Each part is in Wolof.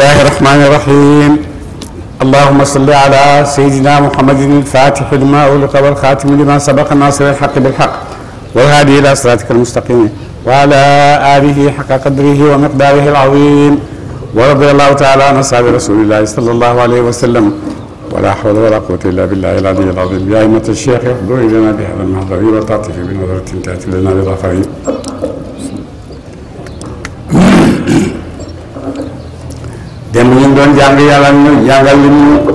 الله الرحمن الرحيم اللهم صل على سيدنا محمد الفاتح لما أغلق والخاتم لما سبق ناصر الحق بالحق والهادي إلى صراطك المستقيم وعلى آله حق قدره ومقداره العظيم ورضي الله تعالى عن أصحاب رسول الله صلى الله عليه وسلم ولا حول ولا قوة إلا بالله العلي العظيم يا أئمة الشيخ اهدوا إلينا بهذا المحضر وتعطف بنظرة تأتي لنا بالآخرين dem ñu doon jàng yàlla ñu jàngal lu ñu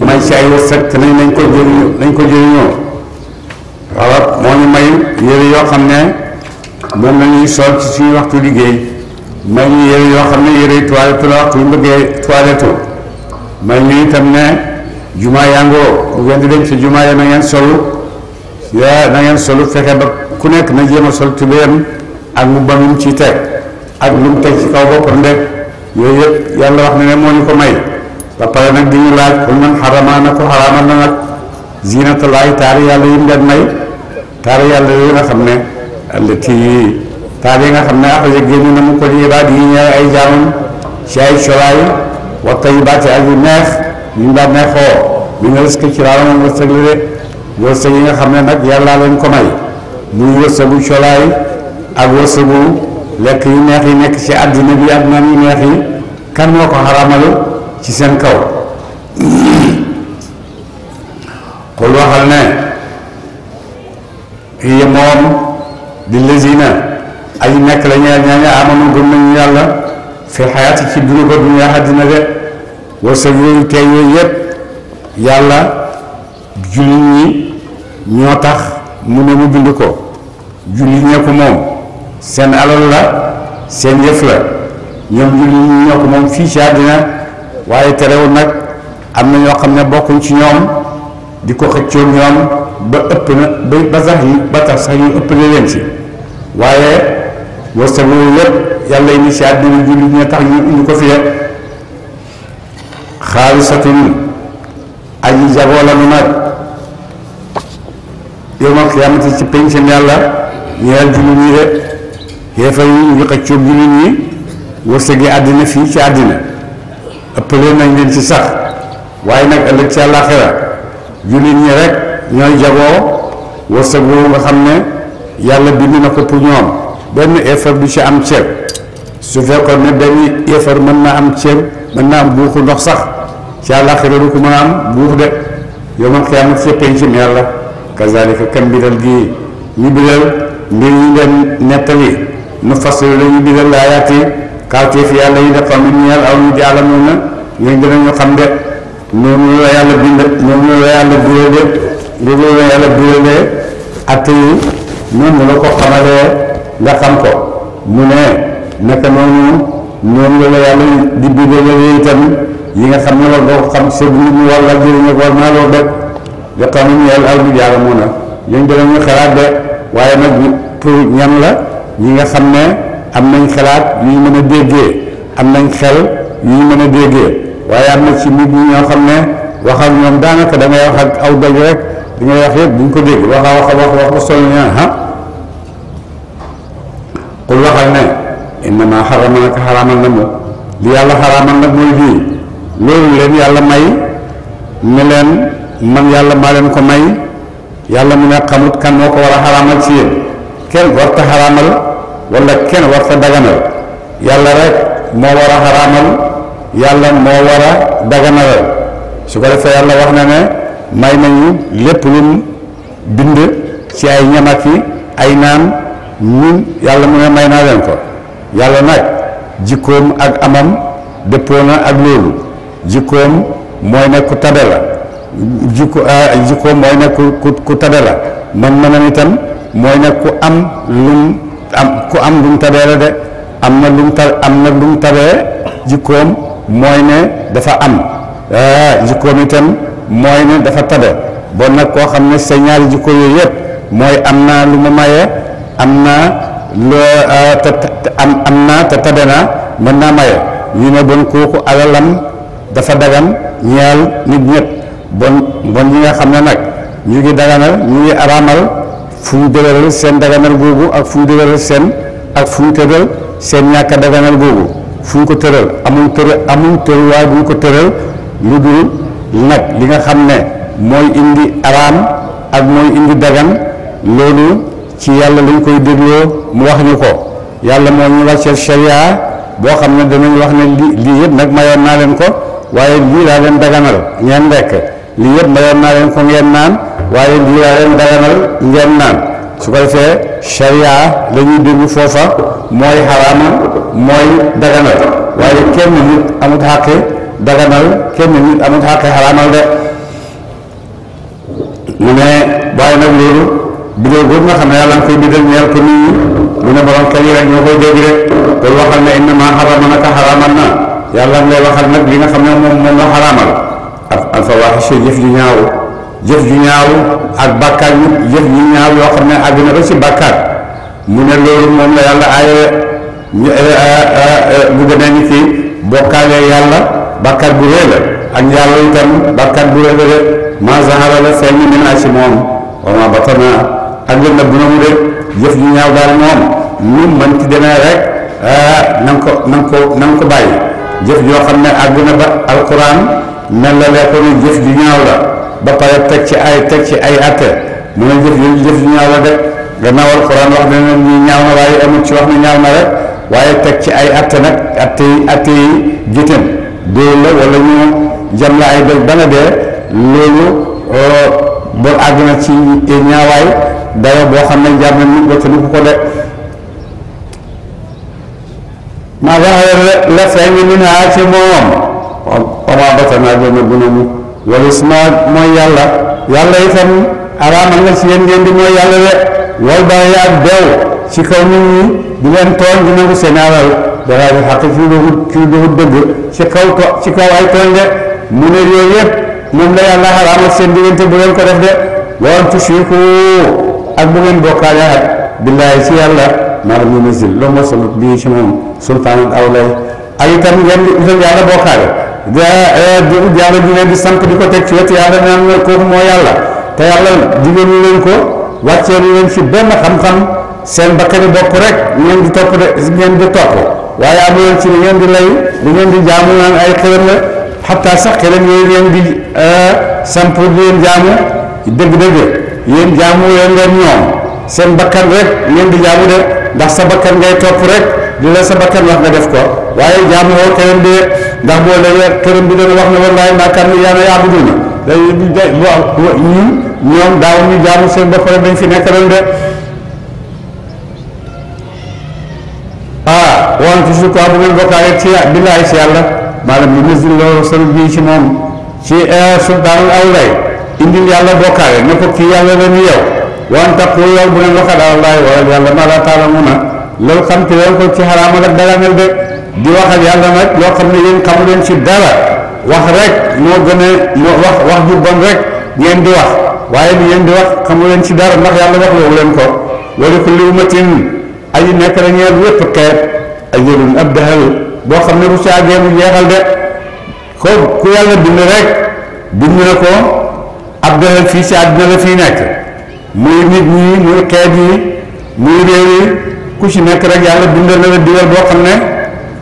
may si ay wërsëg te nañ ko jëriñoo nañ ko jëriñoo walla moo ñu may yére yoo xam ne moom la ñuy sol ci suñu waxtu liggéey may ñu yoo xam ne yére toilette la waxtu yu bëggee toilette may ñu itam ne jumaa yàngoo bu ngeen dem ci jumaa ya na ngeen solu ya na solu fexe ba ku nekk na jéem a sol tubéyam ak mu bamum ci teg ak lu mu teg ci kaw boppam rek yooyu yëpp yàlla wax na ne moo ñu ko may ba pare nag di ñu laaj xul man na ko xaraamal na nag ziinata laay taari yàlla yi mu leen may taari yàlla yooyu nga xam ne allati taar yi nga xam ne axraja génn na ko li ibaad yi ay jaamam ci ay colaay wa tayibaat ak yu neex ñu la de wërsëg yi nga xam ne nag yàllaa leen ko may muy wërsëgu colaay ak wërsëgu lekk yu neex yi nekk ci àddina bi ak naan yu neex yi kan moo ko xaramalu ci seen kaw xul waxal ne hiya moom di lazina ay nekk la ñeel ñaa ña amanu gëm yàlla fi xayaati ci dund ko dunya àddina de war yooyu tey yooyu yàlla jullit ñi ñoo tax mu ne mu bind ko jullit ñee ko moom seen alal la seen yëf la ñoom jullit ñi ñoo ko moom fii ci àddina waaye terewul nag am na ñoo xam ne bokkuñ ci ñoom di ko xëccoo ñoom ba ëpp na ba tax sax ñu ëpp na leen ci waaye wërsëg loolu lépp yàlla indi ci àddina jullit ñi tax ñu indi ko fi rek xaalisatun aji jagoo la mu nag yow ma xiyaamati ci penc yàlla ñeel jullit ñi de yéefar yi ñu ngi xëccoog jullit ñi wërsëg yi àddina fii ci àddina ëppale nañ leen ci sax waaye nag ëllëg ci àllaaxira jullit ñi rek ñooy jagoo wërsëg woowu nga xam ne yàlla bind na ko pour ñoom benn yéefar du ci am ceeb su fekkoon ne benn yéefar mën na am ceeb mën naa am buuxu ndox sax ci àllaaxira du ko mën a am buux de yow man xiyaamat ci pencim yàlla kazalika kam biral gii ñu biral mbir ñu leen nettali nu fassilu lañu digal laayaat yi kawteef yàlla yi dafa min ñeel aw ñu jaalamoon na de noonu la yàlla bind am ñeel aw ñu jaalamoon na ñooñu danañu xalaat de waaye nag pour ñan la ñi nga xam ne am nañ xalaat yu ñu mën a déggee am nañ xel yu ñu mën a déggee waaye am na ci nit ñi ñoo xam ne wax ak ñoom daanaka da wax ak aw rek di ngay wax yëpp duñ ko dégg wax a wax a wax wax ba sonn ñaan ha qul waxal ne innama xarama naka xaraamal na mu li yàlla xaraamal nag mooy lii loolu leen yàlla may ne leen man yàlla maa leen ko may yàlla mu ne xamut kan moo ko war a xaraamal ci yéen kenn warta xaraamal wala kenn war sa daganal yàlla rek moo war a xaraamal yàlla moo war a daganalal su ko defee yàlla wax na ne may nañu lépp lu bind ci ay ñamaki ay naan ñun yàlla mu ne may naa leen ko yàlla nag jikkoom ak amam dëppoo na ak loolu jikkoom mooy ne tabe la ah, jikkoom mooy ne ku ku tabe la man-manam itam mooy ne am lum am ku am lu mu tabee la de am na lu mu ta am jikkoom mooy ne dafa am ah, jikkoom itam mooy ne dafa tabe bon nag koo xam ne sa ñaari jikko yooyu yëpp mooy am naa lu ma maye am naa loo ah, te am am naa te tabe naa mën naa maye ñu ne bon kooku alalam dafa dagan ñeel nit ñëpp bon bon ñi nga xam ne nag ñu ngi daganal ñu ngi araamal fu ñu dëgëral seen daganal googu ak fu ñu dëgëral seen ak fu mu tëral seen ñàkk a daganal googu fu ñu ko tëral amuñ tëral amuñ tëruwaay bu ñu ko tëral lu dul nag li nga xam ne mooy indi araam ak mooy indi dagan loolu ci yàlla lañ koy dégloo mu wax ñu ko yàlla moo ñu wàcceel sharia boo xam ne danañ wax ne li lii yëpp nag mayoon naa leen ko waaye lii laa leen daganal ngeen lekk lii yëpp mayoon naa leen ko ngeen naan waaye lii yaa leen daganal ngeen naan su ko defee sharia la ñuy déglu foofa mooy xaraama mooy daganal waaye kenn nit amut xàqi daganal kenn nit amut xàqi xaraamal de mu ne waaye nag loolu bidéo boobu nga xam ne yàlla nga koy bidal ñeel ko nit ñi mu ne borom kër yi rek ñoo koy dégg rek loolu waxal ne innama xarama naka xaraamal na yàlla nga lay waxal nag li nga xam ne moom moom la xaraamal ak alfawaxisha jëf ju ñaaw jëf ju ñaaw ak bàkkaar jëf ju ñaaw yoo xam ne àgg na ba ci bàkkaar mu ne loolu moom la yàlla aaye bu eh, eh, eh, demee ni ki bokkaale yàlla bàkkaar bu rëy la ak yàlla itam bàkkaar bu rëy la ma zahara la feeñ ni naa ci moom wa ma batana ak la nëbb na mu de jëf ju ñaaw daal moom nu mën ci rek na ko na nga ko na nga ko bàyyi jëf joo xam ne àgg na ba alquran mel la ko ni jëf ju ñaaw la ba pare teg ci ay teg ci ay atte mu ne jëf yéen jëf ñaaw la de gannaaw alxuraan wax ne ñi ñaaw ci wax ñaaw na rek waaye teg ci ay atte nag atte yi atte yi jëteen dóor la ñu jam la ay doj ba nga dee loolu euh, bor àgg na ci ñaawaay dara boo xam ne jàmm nit watanu ko ko de maa zahara la feeñ minhaa ci moom wa maa batana bu ne mu wal isma mooy yàlla yàlla itam araamal na ci yéen ngeen di mooy yàlla de wal bàyyi ak deew ci kaw nit ñi di leen tooñ di nangu seen alal dara di xaq ci doxut ci doxut dëgg ci kaw to ci kaw ay tooñ de mu ne yooyu yëpp moom la yàlla araamal seen diggante bu leen ko def de lool tushriku ak bu ngeen bokkaale ak billaahi ci yàlla maa lam yunazil loolu moo solut bii ci moom sultaanul awlay ak itam ngeen itam yàlla bokkaale yàlla di eh, leen di samp di ko teg ci te yàlla naan na kooku moo yàlla te yàlla leen ko wàccee leen benn xam-xam seen bakkani bopp rek ngeen di ngeen di topp waaye amu leen ci ngeen di lay li ngeen di jaamu naan ay xërëm la xataa sax xërëm yooyu ngeen di eh, samp di leen jaamu dëgg-dëgg yéen jaamu leen leen ñoom seen bakkan rek ngeen di jaamu de ndax sa bakkan ngay topp rek di la sa bakkan wax nga def ko waaye jaamu woo xërëm de ndax boo demee këram bi doon wax ne wallaahi maa kaana iyyaanaa ya'buduun ñun ñoom daaw seen bopp rek dañ fi nekk ren de ah woon ci suuf bu ngeen bokkaale ci billaahi ci yàlla maanaam bi nazzil rasul bi ci moom ci eh, sultaanul awliyaa indil yàlla bokkaale ne ko kii yàlla la ñu yow waan taqul bu ngeen waxal allaahi wala yàlla maa laa ta'lamuun loolu xam te ko ci xaraamal ak daganal de di wax ak yàlla nag loo xam ne yéen xamu leen ci dara wax rek moo gën a moo wax wax ju rek ngeen di wax waaye li ngeen di wax xamu leen ci dara ndax yàlla wax loowu leen ko wala kulli ummatin aji nekk la ñeel wépp xeet ajalun ab dahal boo xam ne bu saagee mu jeexal de ko ku yàlla bind rek bind na ko ab dahal fii ci àddina la fii nekk muy nit ñi muy xeet yi muy réew ku ci nekk rek yàlla bindal na la diwal boo xam ne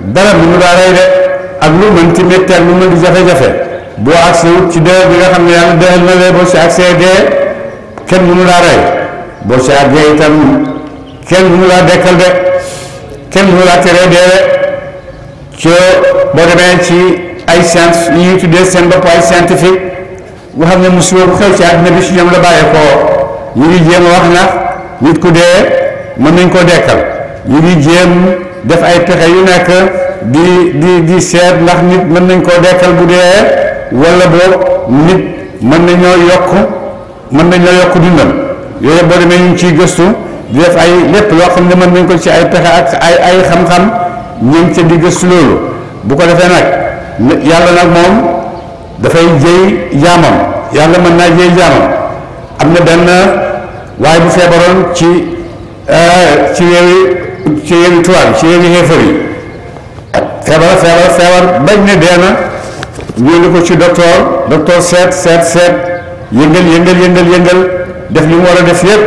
dara bu ñu daa rey de ak lu mën ci métti ak lu mën di jafe-jafe boo accès ci dee bi nga xam ne yàlla dexal lee boo si accès dee kenn mënu daa rey si àggee itam kenn mënu daa dekkal de kenn mënu daa teree dee boo ci ay science yi ñuy tuddee seen bopp ay scientifique nga xam ne musiba bu xew ci àddina bi si ñoom la bàyyeekoo ñu ngi jéem wax na nit ku dee mën nañ koo dekkal ñu ngi jéem def ay pexe yu nekk di di di seet ndax nit mën nañ koo dekkal bu dee walla boog nit mën nañoo yokk mën nañoo yokk dundam yooyu boo demee ñu ngi ciy gëstu di def ay lépp loo xam ne mën nañ ko ci ay pexe ak ay ay xam-xam ñu ngi di gëstu loolu bu ko defee nag yàlla nag moom dafay jëy jaamam yàlla mën naa jëy jaamam am na benn waaye bu feebaroon ci euh, ci weewi ci yëri tubaab yi ci yëri xeefar yi feebar feebar feebar bañ ne dee na yónni ko ci docteur docteur seet seet seet yëngal yëngal yëngal yëngal def li mu war a def yëpp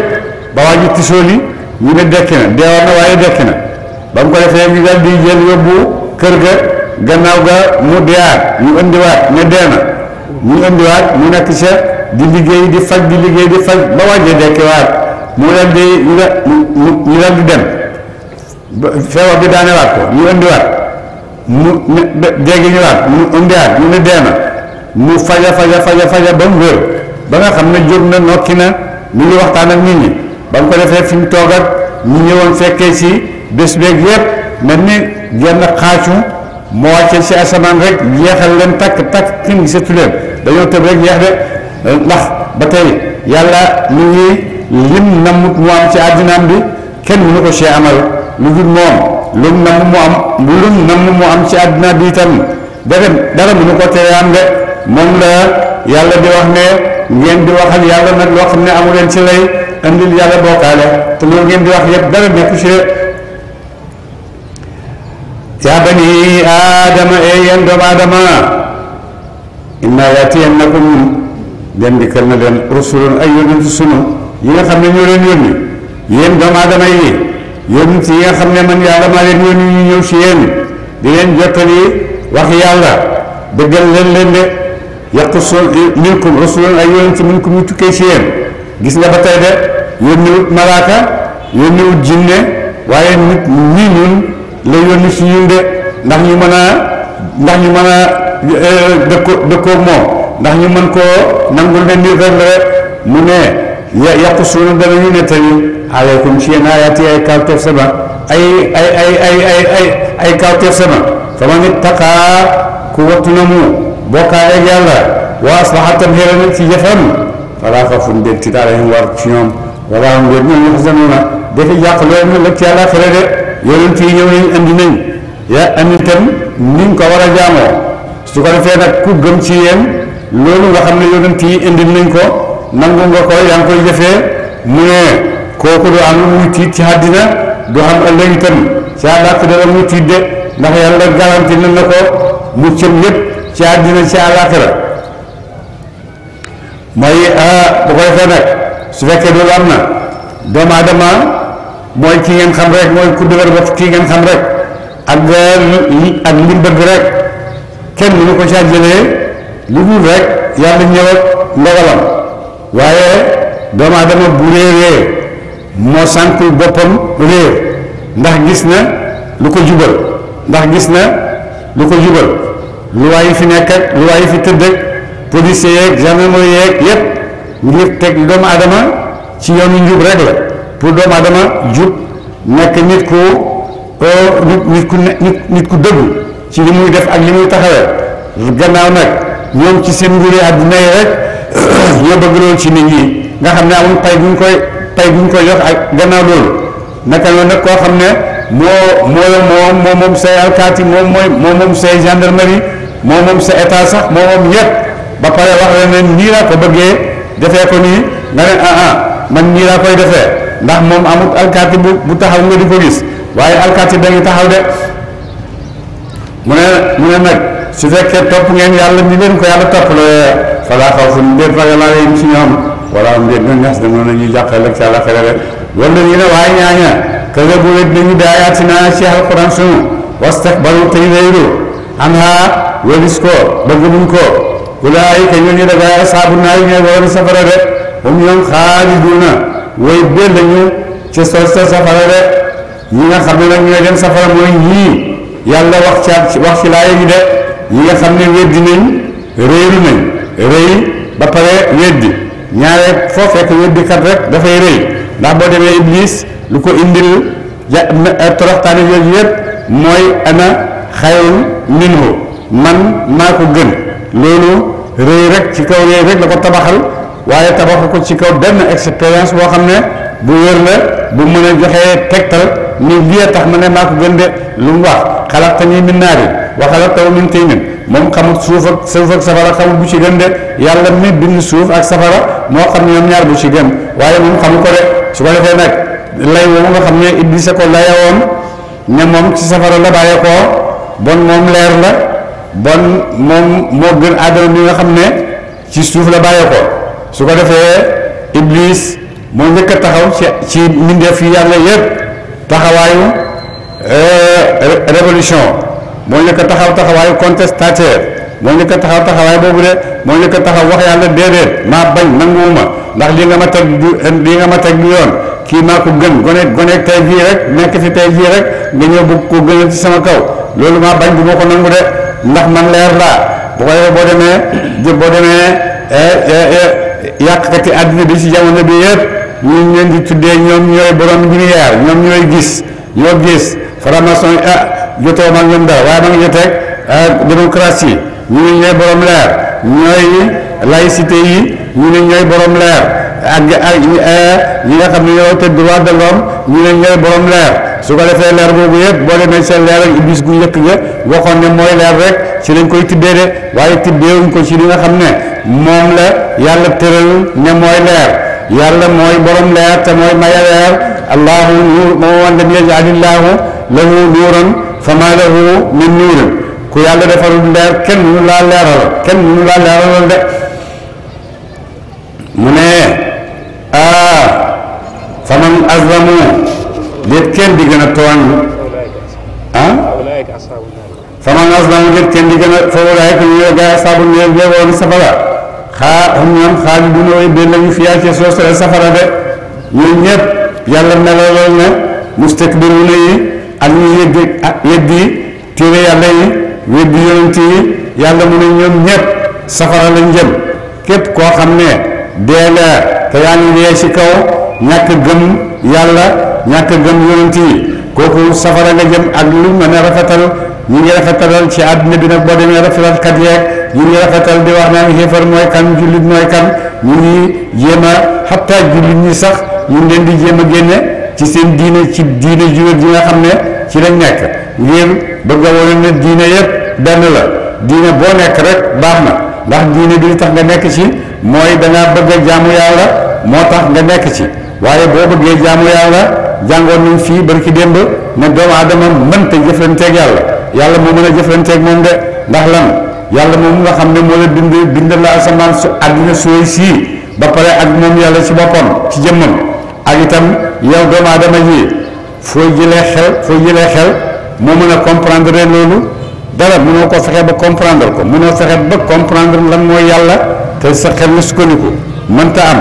ba waa ji tisooli ñu ne dekki na deewaat na waaye dekki na ba mu ko defee ñu daal di jël yóbbu kër ga gannaaw ga mu deewaat ñu indiwaat ne dee na ñu indiwaat mu nekk ca di liggéey di faj di liggéey di faj ba wàjjee dekkiwaat mu daal di ñu daal di dem feebar bi daanewaat ko ñu indiwaat mu jéggi ñëwaat mu indiwaat mu ne dee na mu faja faja faja faja ba ba nga xam ne jóg na nokki na mu ngi waxtaan ak nit ñi ba ko defee fi ñu toog ak ñu ñëwoon fekkee si bés beeg yépp mel ni genn xaacu moo wàccee si asamaan rek yeexal leen takk takk kenn gisatu leen dañoo tëb rek yeex de ndax ba tey yàlla mu ngi lim namut mu am ci àddinaam bi kenn mënu ko see amal lu dul moom lum namm mu am am ci àdduna bi itam dara dara mënu ko tere am de moom la yàlla di wax ne ngeen di waxal yàlla nag loo xam ne amu leen ci lay andil yàlla bokkaale te loolu ngeen di wax yëpp dara nekku ci yaa bani aadama e yéen doomu aadama inna yatiyannakum dem dikkal na leen rusulun ay yónent sunu yi nga xam ne ñoo leen yónni yéen doomu aadama yi yonent yi nga xam ne man yàlla maa leen yónni ñu ñëw si yéen di leen jottali wax yàlla dëggal leen leen de yaqussul minkum rasulan ay yonent minkum ñu tukkee si yéen gis nga ba tey de yónniwut malaaka yónniwut jinne waaye nit ñi ñun la yónni si ñun de ndax ñu mën a ndax ñu mën a euh, dëkko dëkkoo moom ndax ñu mën koo nangul ne nii rek mu ne ya yaqusuuna danañu nettali aleykum ci yéen ayaati ay kawteef sama ay ay ay ay ay ay ay kawteef sama faman ittaqaa ku wattu na mu bokkaale ak yàlla wa aslaha tam xeere na ci jëfam falaa xafun déet tiit alayhim war ci ñoom wala am déet ñoom yaxzanuuna dafa yàq loolu na lëg ci yàlla xere de yonent yi ñëw nañ ya andi tam ko war a jaamoo su ko defee nag ku gëm ci yéen loolu nga xam ne yonent yi indi nañ ko nangu nga ko yaa ngi koy jëfee mu ne kooku du am lu muy tiit ci àddina du xam ëllëg itam ci àllaaxira la muy tiit yëpp ci àddina ci àllaaxira mooy ah, bu ko defee nag su fekkee loolu am na doomu aadama mooy kii ngeen xam rek mooy ku dëgër bopp kii ngeen xam rek ak ak li bëgg rek kenn mënu ko caa jëlee lu dul rek yàlla ñëw ak ndogalam waaye doomu aadama bu réeree moo sànkul boppam réer ndax gis na lu ko jubal ndax gis na lu ko jubal luwaa yi fi nekk ak luwaa yi fi tëdd ak policier yeeg gendarmerie yeeg yépp ngir doomu aadama ci yoonu njub rek la pour doomu aadama jub nekk nit ku euh, nit nit ku dëggu ci li muy def ak li muy taxawee gannaaw nag ñoom ci seen nguuri àddina yi rek ñoo bëgg loolu ci nit ñi nga xam ne amul pay bu ñu koy pay bu ñu koy jox ak gannaaw loolu naka noonu nag koo xam ne moo mooy moom moom moom say alkaati moom mooy moom moom say gendarmerie moom moom sa état sax moom moom yëpp ba pare wax la ne nii laa ko bëggee defee ko nii nga ne ah ah man nii laa koy defee ndax moom amul alkaati bu bu taxaw nga di ko gis waaye alkaati da taxaw de mu ne mu ne nag su fekkee topp ngeen yàlla ni leen ko yàlla toppaloo falaa xawfun déet ragal alayhim ci ñoom wala am déet na ñas dama na a jàqal ak ci àllaxira de wala ñu ne waaye ñaaña kaga bu wet dañu daayaati naa ci alquran sunu wastakbaru tey réyru an ha wélis ko bëgguñ ko ulaayika ñoo ñu yi ñooy waroon safara de hum ñoom xaaliduuna way bee lañu ci sol sa safara de ñi nga xam ne nag safara mooy ñii yàlla wax wax ci laay yi de ñi nga xam ne weddi nañ réeru nañ rëy ba pare weddi ñaare foo fekk weddi kat rek dafay rëy ndax boo demee iblis lu ko indil ja eh, toroxtaani yooyu yëpp mooy ana xayrun minhu man maa ko gën loolu rëy rek ci kaw rëy rek la ko tabaxal waaye tabaxu ko ci kaw benn expérience boo xam ne bu wër la bu mën a joxee tegtal ni lii tax ma ne maa ko gën de lu mu wax xalaat tamit min naari waxalak taw min tey nin moom xamul suuf ak suuf ak safara xamul bu ci gën de yàlla mi bind suuf ak safara moo xam ñoom ñaar bu ci gën waaye moom xamu ko de su ko defee nag lay woowu nga xam ne Idrissa ko layoon ne moom ci safara la bàyyee bon moom leer la bon moom moo gën aadama mi nga xam ne ci suuf la bàyyee su ko defee Iblis moo njëkk a taxaw ci ci mbindeef yi yàlla yëpp taxawaayu euh, révolution moo nekk taxaw taxawaayu contestataire moo nekk taxaw taxawaay boobu de moo nekk taxaw wax yàlla déedéet maa bañ nanguwuma ndax li nga ma teg du li nga ma teg du yoon kii maa ko gën gone gone tey jii rek nekk fi tey jii rek nga ñëw bëgg ko gënal ci sama kaw loolu maa bañ du ma ko nangu de ndax man leer laa boo ko defee boo demee boo demee eh, eh, eh, yàqkati àddina bi ci jamono bi yëpp ñu leen di tuddee ñoom ñooy borom lumière ñoom ñooy gis ñoo gis formation jotee man waaye ma ngi jotee ak euh, démocratie ñu ne ñooy borom leer ñooy laïcité yi ñu ne ñooy borom leer ak euh, nga xam ne ñoo tëdd droit de l'homme ñu ne ñooy borom leer su ko defee leer boobu yëpp boo demee seen leer ak iblis gu njëkk nga waxoon ne mooy leer rek ci lañ koy tibbee de waaye tibbeewuñ ko ci li nga xam ne moom la yàlla tëral ne mooy leer yàlla mooy borom leer te mooy maya leer allahu nuur moom wan lam yaj'alillaahu lahu nuuran സമാജഹു മിന്നൂരും കുയാളുടെ റഫറുടെ കെൻ മുന്നിലാലേറവ് കെൻ മുന്നിലാലേറവരുടെ മുനെ ആ സമം അസമു ലിപ്കൻ ദിഗണത്തോൺ സമം അസമു ലിപ്കൻ ദിഗണ സൗരായ കുഞ്ഞുക സാബു നേവ്യ വോൻ സഫറ ഖാ ഹും ഖാലിദുൻ വൈ ബില്ലി ഫിയാ കെസോസ് സഫറ ദേ ñun ñëpp yàlla melaloon na mustakbiruna yi ak ñu yëgg weddi téere yàlla yi weddi yonent yi yàlla mu ne ñoom ñëpp safara lañ jëm képp koo xam ne dee nga te yaa ngi yee ci kaw ñàkk gëm yàlla ñàkk gëm yonent yi kooku safara nga jëm ak lu mën a rafetal ñi ngi rafetalal ci àddina bi nag boo demee rafetal kat yeeg ñi ngi rafetal di wax naan xéefar mooy kan jullit mooy kan ñu ngi jéem a xataa jullit ñi sax ñu ngi leen di jéem a génne ci seen diine ci diina juwét yi nga xam ne ci lañ nekk ngir bëgg a wane ne diine yëpp benn la diine boo nekk rek baax na ndax diine bi li tax nga nekk ci mooy dangaa bëgg a jaamu yàlla moo tax nga nekk ci waaye boo bëggee jaamu yàlla jàngoon nañ fii barki démb ne doomu aadama mënta jëflanteeg yàlla yàlla moo mën a jëflanteeg moom de ndax lan yàlla moom nga xam ne moo la bind bind la asamaan su àddina sooy sii ba pare ak moom yàlla ci boppam ci jëmmam ak itam yow doomu aadama yi foo jëlee xel foo jëlee xel moo mën a comprendre leen loolu dara mënoo ko fexe ba comprendre ko mënoo fexe ba comprendre lan mooy yàlla te sa xel nga sukkandiku mënta am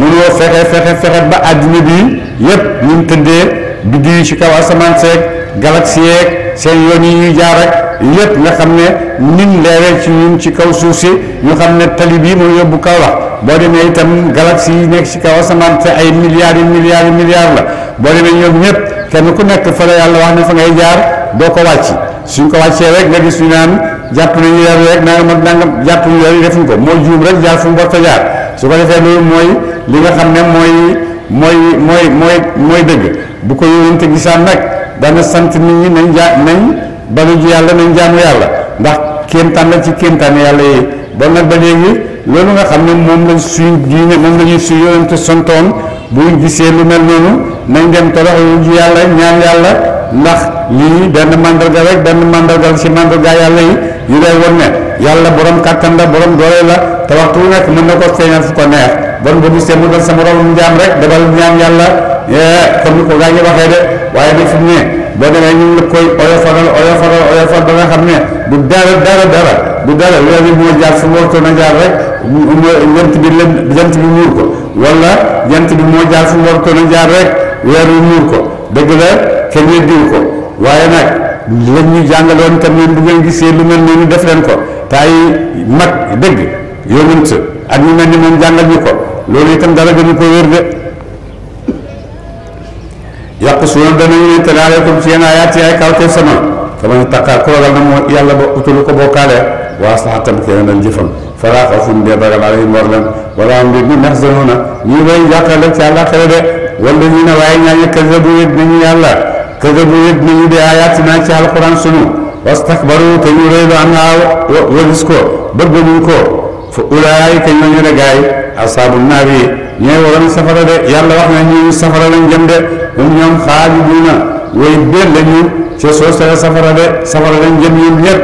mënoo fexe fexe fexe ba àddina bi yépp ñu tëddee biddiw yi ci kaw asamaan seeg galaxie yeeg seen yoon yi ñuy jaar ak yépp nga xam ne nin leeree ci ñun ci kaw suuf si ñu xam ne tali bii mooy yóbbu kaw la boo demee itam galaxie yi nekk ci kaw asamaan te ay milliards yu milliards yi milliards la boo demee ñoom ñëpp kenn ku nekk fa la yàlla wax ne fa ngay jaar doo ko wàcc suñ ko wàccee rek nga gis suñ naan jàpp nañu weer rek nanga ma nanga jàpp nañu weer defuñ ko moo juum rek jaar fu mu jaar su ko defee loolu mooy li nga xam ne mooy mooy mooy mooy mooy dëgg bu ko yónnante gisaan nag dana sant nit ja nañ balu ji yàlla nañ jaamu yàlla ndax kéemtaan la ci kéemtaan yàlla yi ba léegi loolu nga xam ne moom lañ suñ diine moom la ñuy suñ yónnante sontoon buñ gisee lu mel noonu nañ dem torox lu yàlla ñaan yàlla ndax lii benn mandarga rek benn mandargal ci mandarga yàlla yi yu lay won ne yàlla borom kàttan la borom doole la te waxtu wu nekk na ko feeñal fu ko neex bon bu gisee mu dal sa moroom njaam rek dabal ñaan yàlla eh, comme ni ko gaa ñi waxee de waaye nag fi mu ne boo demee ñu ngi koy oyofalal oyofalal oyofal ba nga xam ne du dara dara dara du dara weer moo jaar fu mu wartoon a jaar rek jant bi lënd jant wala jant bi moo jaar fu mu ko jaar rek weer wi muur ko dëgg la kenn weddiwu ko waaye nag lañ ñu jàngaloon tamit bu ngeen gisee lu mel noonu def leen ko te ay mag dëgg yonent ak ñu mel ni moom jàngal ñu ko loolu itam dara gënu ko wér de yàq suuna danañu ne te daal comme ci yenn ayaat yi ay kawte sama sama ñu takkaat ku ragal na moo yàlla ba utulu ko bokkaale waa sax tam keneen ak jëfam فلا خوف بيضاق عليهم ورلم ولا هم بهم يحزنون يبين يقل تعالى خير والذين وعين كذبوا يدني الله كذبوا يدني بآياتنا تعالى القرآن سنو واستكبروا تنوريد عنها ورزقو بربنوكو فأولئك من يرقاي أصحاب النار يورن سفر يلا وحنا نيو سفر لنجم هم يوم خالدون ويبير لنيو تسوس سفر سفر لنجم يبير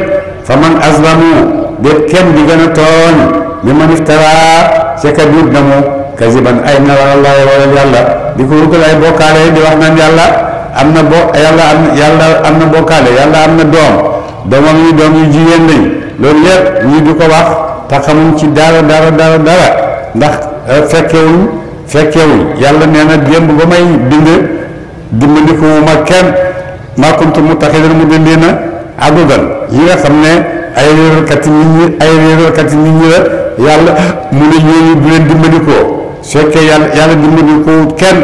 فمن أظلموا déet kenn di gën a tooñ li man iftaraa ca kat yut na mu kasiban ay na war allah waral yàlla di ko wutal ay bokkaale di wax naan yàlla am na bo yàlla am yàlla am na bokkaale yàlla am na doom doomam yi doom yu jigéen lañ loolu lépp ñi di ko wax te xamuñ ci dara dara dara dara ndax euh, fekkewuñ fekkewuñ yàlla nee na démb ba may bind dimbali ko ma kenn maa kuntu muttaxidan mu dindi na adudan yi nga xam ne ay réeralkat nit ñi ay réeralkat yi nit ñi yàlla mu ne ñooñu bu leen dimbali ko su yàlla yàlla dimbali ko kenn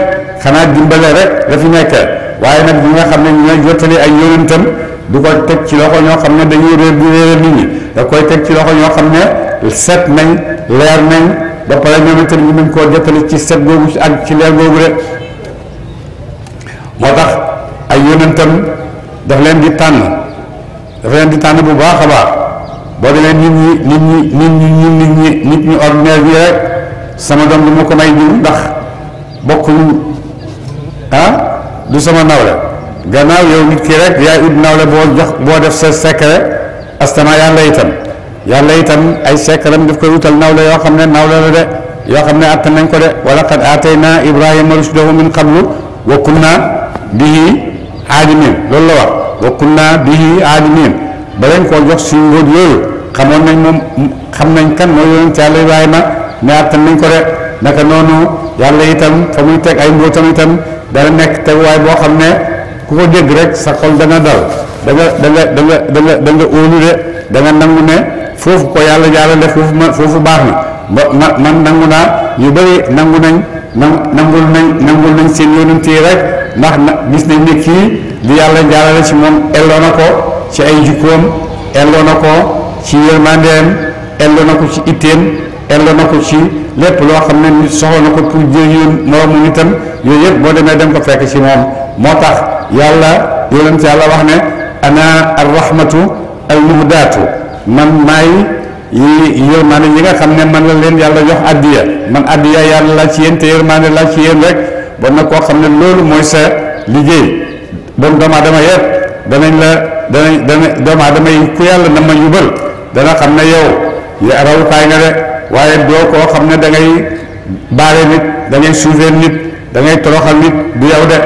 xanaa dimbale rek la fi nekk waaye nag ñi nga xam ne ñooy jottali ay yonentam du teg ci loxo ñoo xam ne dañuy réer di da koy teg ci loxo ñoo xam ne set nañ leer nañ ba pare itam ñu mën koo jottali ci set googu ci ak ci leer googu rek moo tax ay yonentam daf leen gi tànn. dafa leen di tànn bu baax a baax boo demee nit ñi nit ñi nit ñi nit ñi ordinaire bi rek sama doom du ko may jur ndax bokkuñu ah du sama nawle gannaaw yow nit ki rek yaay ut nawle boo jox boo def sa secret astama yàlla itam yàlla itam ay secretam daf koy utal nawle yoo xam ne nawle la de yoo xam ne àtt nañ ko de wa laqad aataynaa ibrahima rushdahu min qablu wa kunna bihi aalimin loolu la wax wa naa bihi aalimin ba leen koo jox suñu ngóot yooyu xamoon nañ moom xam nañ kan mooy yonent yàlla Ibrahima ne attan nañ ko de naka noonu yàlla itam fa muy teg ay mbóotam itam dana nekk teguwaay boo xam ne ku ko dégg rek sa xol dana dal da nga da nga da nga da nga da nga óolu de da nga nangu ne foofu ko yàlla yàlla def foofu ma baax na ba man nangu naa yu bëri nangu nañ nangul nañ nañ seen yonent yi rek ndax na gis nañ ne kii Di yalla jaarale ci mom elloo nako ci ay jikkoom elloo nako ci yermandem elloo nako ci item elloo nako ci lepp lo xamne nit soxla nako pour jëriñoon mom nitam yoy yeb bo demé dem ko fekk ci mom motax yalla yàlla ci yalla wax ne ana arrahmatu almuhdatu man maay yërmande yi nga xamne man la len yalla jox adiya man adiya yalla ci yent yermane la ci yéen rek bon na ko xamne lolu moy sa liggéey bon doomu aadama yëpp danañ la danañ dana doomu aadama yi ku yàlla na ma yubal dana xam ne yow ya rawukaay nga de waaye doo koo xam ne dangay ngay nit da ngay suufee nit da ngay toroxal nit bu yow de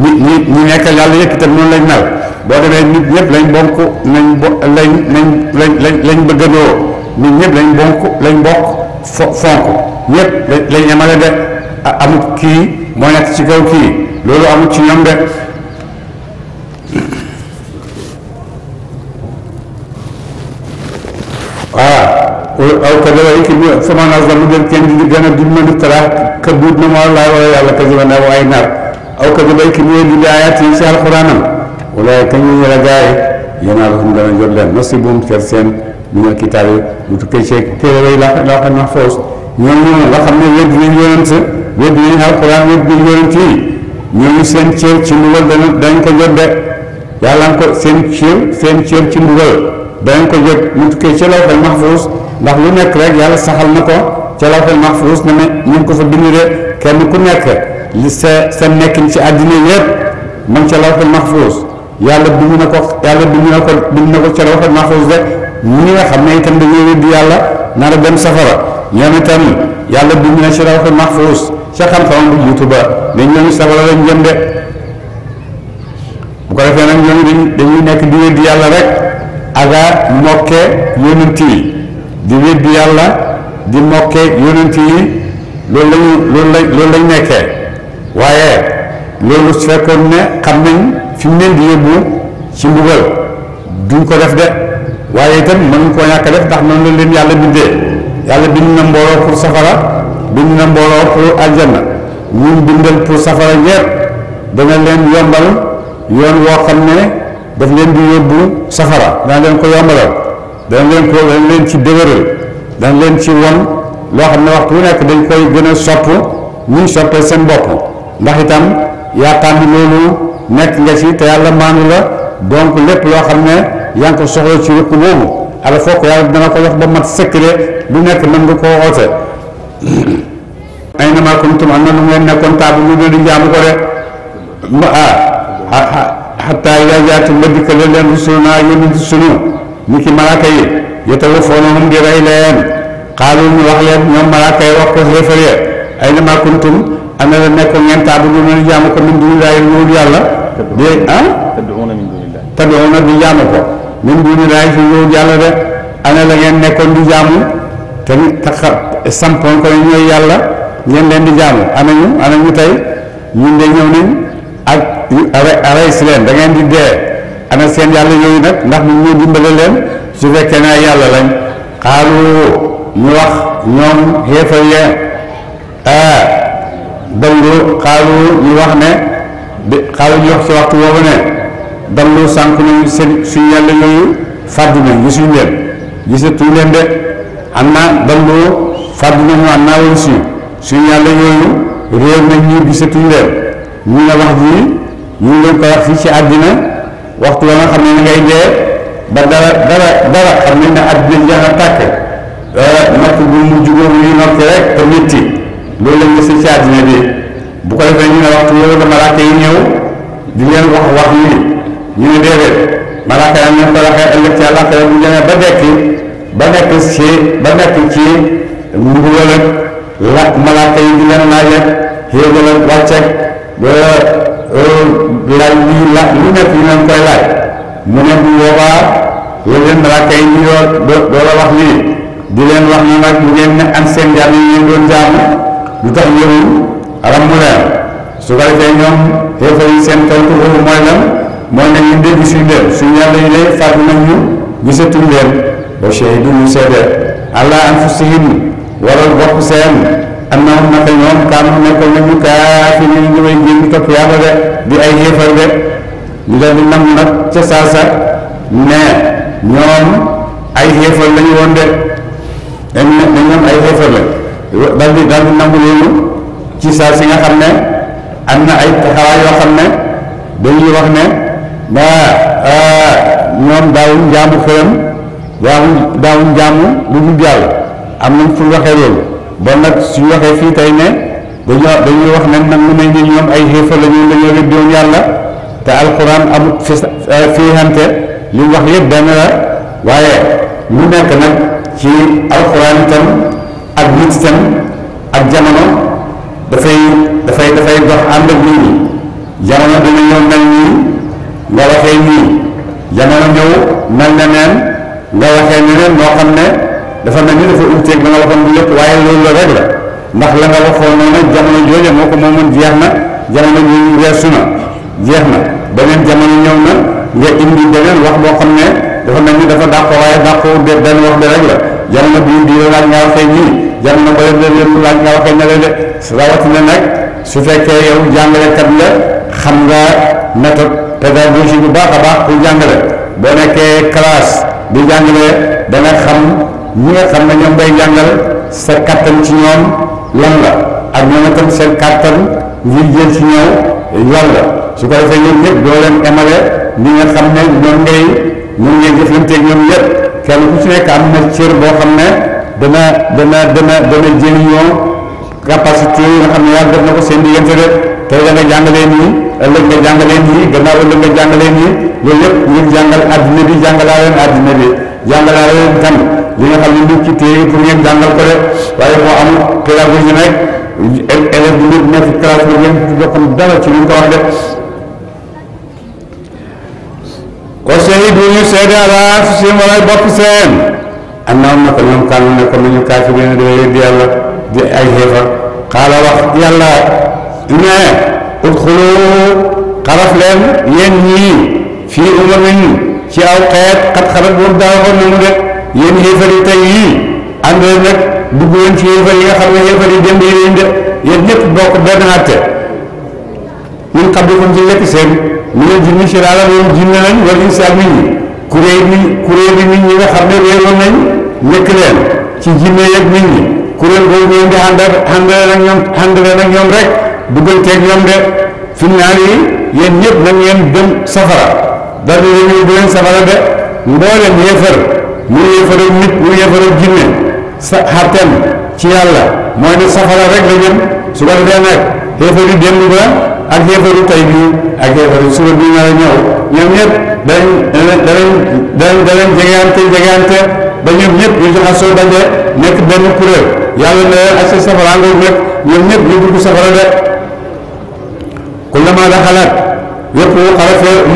ñi ñi ñi nekkal yàlla yëkk itam noonu lañ mel boo demee nit ñëpp lañ bonk nañ bo lañ lañ lañ lañ lañ bonk lañ bokk fo fonk ñëpp lañ yemale de amut kii moo nekk ci kaw kii loolu amut ci ñoom de aw kadhalika faman azlamu min mimman iftara kadhiban ala Allahi ay a aw kadhaba bi ayaatihi ci alxuraanam ulaa'ika ñooñu la gaa yi yanaaluhum dana jot leen nasiibum seen minal kitaabi mu tukkee ci téere lawhil mahfuus ñooñu la xam ne wedd nañ yonent wedd nañ alxuraan wedd nañ yonent yi seen cër ci mbugal dana dañ ko jot de yàlla ko seen cër seen cër ci mbugal dañ ko jot mu tukkee ci lawhil mahfuus ndax lu nekk rek yàlla saxal na ko ca lawhul mahfuus na ne ñu ngi ko fa bind de kenn ku nekk li sa sa nekkin ci àddina yépp man ca lawhul mahfuus yàlla bind na ko yàlla bind na ko bind na ko ca lawhul mahfuus de ñi nga xam ne itam dañuy weddi yàlla nar a dem safara ñoom itam yàlla bind na ci lawhul mahfuus ca xam-xamam bu jiitu ba ne ñooñu safara lañ jëm de bu ko defee nag ñooñu dañuy nekk di weddi yàlla rek aga mokke yonent yi di wéddi yàlla di mokkee yonent yi loolu lañu loolu lañ loolu lañ nekkee waaye loolu su fekkoon ne xam nañ fi mu leen di yóbbu ci mbugal duñ ko def de waaye itam mënuñ koo ñàkk def ndax noonu la leen yàlla bindee yàlla bind na mbooloo pour safara bind na mbooloo pour aljanna ñun bindal pour safara ñeer dana leen yombal yoon woo xam ne daf leen di yóbbu safara dana leen ko yombalal dana leen ci dëgëral dana leen ci won loo xam ne waxtu wu nekk dañ koy gën a sopp ñuy soppee seen bopp ndax itam yaa tànn loolu nekk nga ci te yàlla maanu la donc lépp loo xam ne yaa ngi ko soxla ci wëkk boobu ala foo ko yàlla dana ko wax ba mat sëkkale bu nekk mën nga koo oote ay na maa kuntum am na lu ngeen nekkoon taabu lu di jaamu ko de ma ah xataa yaa jaati ma dikkale leen rusulu naa yónni sunu ñu ki malaaka yi yatawaffoonahum di rey leen xaalu ñu wax leen ñoom malaaka yi wax ko réefar ya ay na maa kuntum ana la nekk ngeen taabu ñu leen jaamu ko min dunillahi ñëwul yàlla di ah tadduuna di jaamu ko min dunillahi si ñëwul yàlla de ana la ngeen nekkoon di jaamu te taxa sampoon ko ñooy yàlla ngeen leen di jaamu anañu anañu tey ñun de ñëw nañ ak rey si leen da ngeen di dee ana seen yàlla yooyu nag ndax mu ñoo dimbale leen su fekkee naa yàlla lañ xaalu ñu wax ñoom xeefa ya dallu xaalu ñu wax ne bi xaalu ñu wax ci waxtu boobu ne dallu sànq nañu seen yàlla yooyu fàddu nañ na dallu fàddu nañu am naa woon suñu suñu yàlla yooyu réer nañ ñu gisatuñu leen ñu ne wax ji ñu ngi ko wax fii ci àddina waxtu wa nga xam ne ni ngay dee ba dara dara dara xam nañ ne at biñ jeex a tàkk natt bu mujj boobu ñuy noppi rek te métti loolu la si ci àddina bu ko defee ñu waxtu yooyu la malaaka di leen wax wax ni ñu ne déedéet malaaka yi ñu ko ci àllaaxira ba dekki ba nekk ci ba nekk ci mbugal ak la malaaka laaj li ñu laaj lu nekk ñu leen koy laaj mu ne bu boobaa la leen rakka yi ñu yor doo la wax lii di leen wax na nag ngeen ne am seen jaam yi ngeen doon jaamu lu tax yëwul rammu su ko defee ñoom xeefa seen tontu boobu mooy lan mooy ne ñu dégg suñ leen suñ yàlla yi lay fàgg nañ ñu gisatuñ leen ba shahidu ñu seede ala anfusihim waral bopp seen annahum naka ñoom kaanu nekkoon nañu kaafiriin ñu way génn topp yàlla de di ay yéefar de ñu leen di nag ca saasa ne ñoom ay yéefar lañu woon de dañ ne ñoom ay yéefar la dal di dal loolu ci saa si nga xam ne am na ay taxawaay yoo xam ne dañuy wax ne daa ñoom daawuñ jaamu xërëm daawuñ daawuñ jaamu lu dul yàlla am nañ fu waxee loolu bon nag suñu waxee fii tey ne dañoo dañuy wax ne nag mu ne ñu ñoom ay xéefar la ñu dañoo weddiwoon yàlla te alquran amut fi eh, fiihante li mu wax yëpp benn la waaye mu nekk nag ci alquran itam ak nit ak jamono dafay dafay dafay dox ànd ak nit ñi jamono dina ñëw mel nii nga waxee nii jamono ñëw mel na neen nga waxee neneen moo xam ne dafa mel ni dafa umteeg la nga waxoon la rek nga waxoon noonu jamono jooja moo ko moomoon jeex na jamono ji weesu na jeex na beneen jamono ñëw na nga indi beneen wax boo ne dafa mel ni dafa dàqo waaye dàqo de benn wax bi rek la jamono bii bii la laaj nga waxee nii jamono ba lépp lépp laaj ne la nag su fekkee yow jàngalekat la xam nga méthode pédagogique bu baax a baax pour jàngale boo nekkee classe di jàngale da xam. ñi nga xam ne ñoom bay jàngal sa kattan ci ñoom lan la ak ñoom itam seen kattan ngir jël ci ñëw lan la su ko defee ñoom ñëpp doo leen emale ñi nga xam ne ñoom ngay ñoom ñoom ñëpp kenn ku ci nekk am na cër boo xam ne dana dana dana dana jëriñoo capacité yi nga xam ne yàlla def na ko seen diggante rek tey da nga jàngalee nii ëllëg nga jàngalee nii gannaaw ëllëg nga jàngalee nii loolu yëpp ngir jàngal addina bi jàngalaa leen addina bi jàngalaare gan li nga xam ne nit ci téye pour ngeen jàngal ko de waaye moo amul pédagogie rek élève bi nit nekk classe bi ngeen joxam dara ci li ko wax de wa shahid bu ñu seede ala anfusihim walay bopp seen annahum naka ñoom kànn nekkoon nañu kaafiriin di wéy di yàlla wax yàlla ne udxulu xaraf leen yéen ñii fii ci aw xeet xat-xatat boobu daa waxoon nañu de yéen xéefar yi tey yii ànd leen nag dugg leen ci xéefar yi nga xam ne xéefar yi nit ñi nga xam ne réeroon nañ nekk rek duggal yi yéen ñëpp na ngeen dem safara dara yooyu bu leen safara de mboolem yéefar mu yéefar ak nit mu yéefar ak jinne sa ci yàlla mooy ne safara rek la ba ak yéefaru tey suba bi nar a ñëw ñoom ñëpp dañ danañ danañ danañ jegeante jegeante ba ñoom ñëpp ñu kuréel yàlla ne ak sa safara nga nekk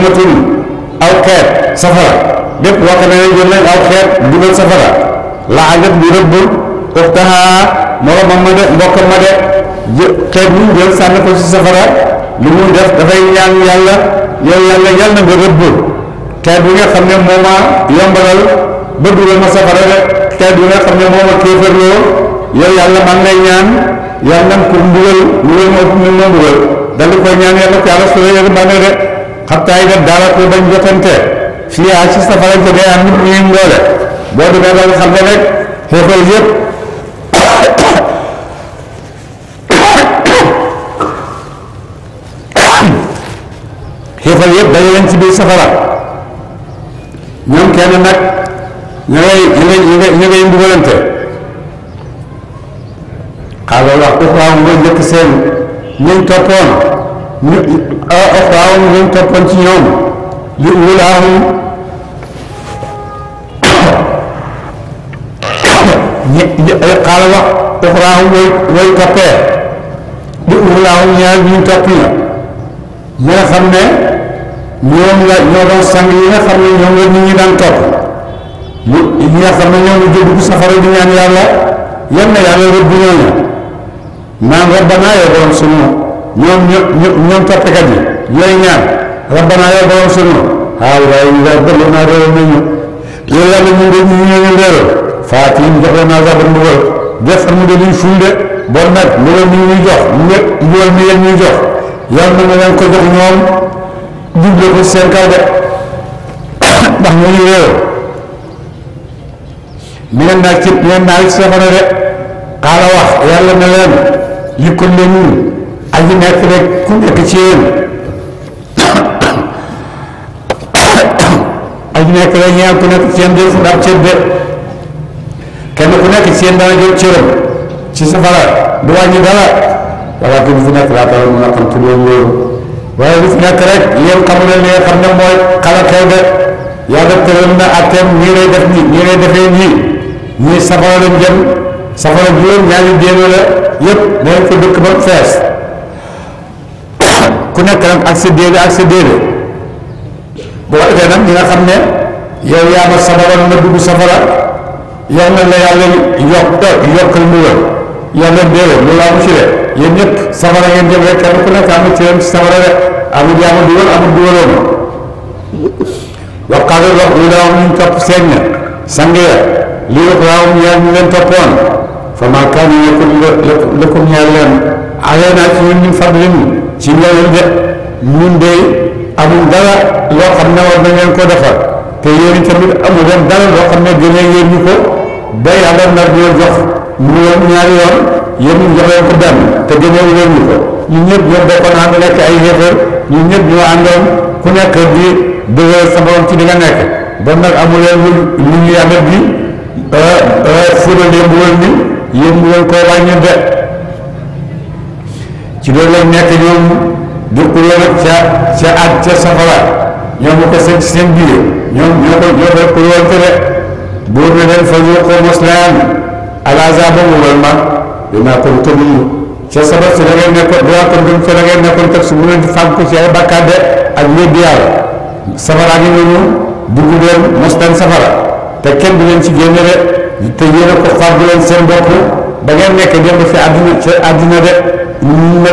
ñoom aw xeet safara bépp wax na ne jël nañ aw xeet dugal safara laagat bi rëbbul uxtahaa moromam ma de mbokkam ma de xeet ñu jël sànni ko ci safara li muy def dafay ñaan yàlla yow yàlla yàlla nga rëbbul xeet bi nga xam ne mooma yombalal ba dugal ma safara de xeet bi nga xam ne mooma kéefërloo yow yàlla man lay ñaan yàlla nag pour mbugal mbugal moo fi mu mbugal dal ñaan yàlla ko yàlla su la yërmande de xabtaay ba dara ko bañ jotante fii ah ci safara ko day am nit ñi ñu doole boo demee ba nga xam ne rek xéefal yëpp xéefal yëpp dañu leen ci biir safara ñoom kenn nag ñu ngay ñu ngay ñu ngay ñu ngay mbugalante xaaral wax uxraahum ba njëkk seen ñu toppoon ñu waaw ñu toppoon ci ñoom li ulaahum xaala wax uxraahum way way toppee li ulaahum ñaar ñu topp na ñi nga xam ne ñoom la ñoo doon sang yi nga xam ne ñoom la nit ñi daan topp lu ñi nga xam ne ñoom la jóg safara di ñaan yàlla yan na yàlla rëbb ñooñu naan rabbanaa yow doon sunu ñoom ñoom ñoom toppkat yi yooyu ñaan rabbana yow borom sunu ah waaye ñu daal bëgg naa réew mi ñu yow yàlla ñu ngi ñu ñu ñu réew faati ñu jox leen naa zabar mbugal def am nga luy ful de bon nag mbugal mi ñuy jox ñëpp mbugal mi yéen jox yàlla na leen ko jox ñoom juble ko seen kaw de ndax ñu réew mi leen naa ci leen naa ci safara de xaala wax yàlla na leen yëkkal leen ak ñi nekk rek ku nekk ci yéen ak ñi nekk rek ci yéen def ndax cër de kenn ku nekk ci yéen dana jël cëram ci safara du wàññi dara wala que fi nekk laa taxaw mun a xam tuddee loolu waaye li fi nekk rek yéen xamu leen mooy xala xew de yàlla tëral na àtteem ñii lay def nii ñii lay defee nii ñii safara lañ jëm safara juróom yëpp danañ ko dëkk ba ku nekk ak sa déedéet ak sa déedéet bu ko defee nag ñi nga ne yow yaa ma safara nga dugg safara yow nag la yàlla yokk yokkal mu wër yow nag déedéet loolu mu ci de yéen ñëpp safara ngeen nekk am ci rek amul yaa ma dugal amul dugaloon wax kaale wax lu daaw ñu topp seen ña sang ya lii wax daaw ñu leen toppoon fa maa kaanu lakum ñeel leen alee naa ci ñun ñu fadlin ci loolu de ñun de amul dara loo xam ne war nañ leen ko defar te yéen tamit amul leen dara loo xam ne gën a yéen ñu ko ba yàlla nar ñu jox mu ñaari yoon yéen ñu jox leen ko benn te gën a yéen ñu ko ñun ñëpp ñoo bokkoon ànd nekk ay yéefar ñun ñëpp ñoo àndoon ku nekk di dëgër sa borom ci di nga nekk bon nag amul leen lu lu ñu yàlla bi euh, euh, fuural yéen ni yéen ñu ko wàññi de ci loolu lañ nekk ñoom dëkkuloo nag ca ca at ca safara ñoom mu ko seen seen biir ñoom ñoo ko ñoo ko dëkkuloo te de buur ne leen fa ñu ko moslaan alazaaba mu wal ma dinaa ko tëdd ca sabab si da nekkoon dinaa ko gëm ca da nekkoon teg su mu leen fànku ci ay bàkkaar de ak wéddi yàlla safara ngi noonu dugg leen mos leen safara te kenn du leen ci génne de te yéen a ko fàggu leen seen bopp ba nekk démb fi àddina àddina de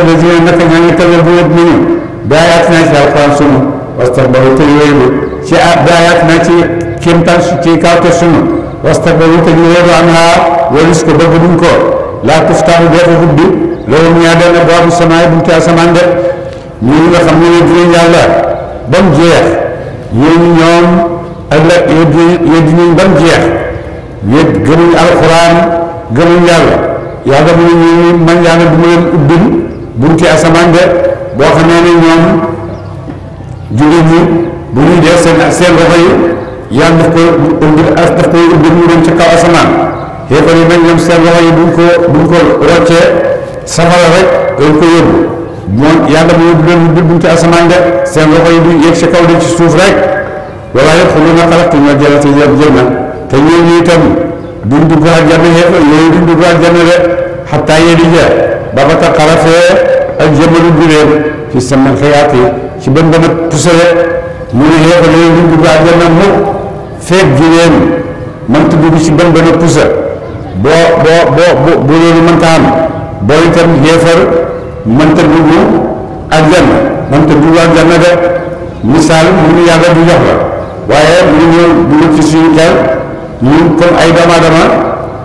الذين نكثوا يكذبون منه بآياتنا في القرآن سنة واستكبروا تجويبه في بآياتنا في كم تنشي كارت سنة واستكبروا تجويبه عنها ورزق بغدنكو لا تفتح بيت غدي loolu mu yaa dana boobu samaay bunti asamaan de ñu nga xam ne dinañ yàlla ba mu jeex yéen ñoom ak ba mu jeex yéen gëmuñ alxuraan gëmuñ yàlla yàlla mu ne ñu man yàlla du ma leen ubbil bunti asamaan de boo xamee ne ñoom jullit ñi bu ñuy dee seen seen loxo yi yàlla daf koy ubbil daf koy mu dem ci kaw asamaan xéefar yi nag seen loxo yi duñ ko safara rek dañ ko yóbbu moom mu ne du leen ubbil bunti asamaan de seen loxo yi duñ yegg ci kaw dem ci suuf rek wala yëpp lu na xalaat ñu jëlee te ñoom ñuy tam दिन दुखरा जमे है तो ये दिन दुखरा जमे रे हत्या ये नहीं है बाबा का कारण से एक जमुन दिन कि समर के आते शिवन बने पुसे मुझे है तो ये दिन दुखरा जमे हो फेक दिन है मंत्र दिन शिवन बने पुसे बो बो बो बो बोले रे मंत्र बोले तब तो ये फर मंत्र दिन हो मंत्र दुखरा जमे रे मिसाल मुझे याद दिया हुआ वाह मुझे दिन किसी ñun comme ay dama dama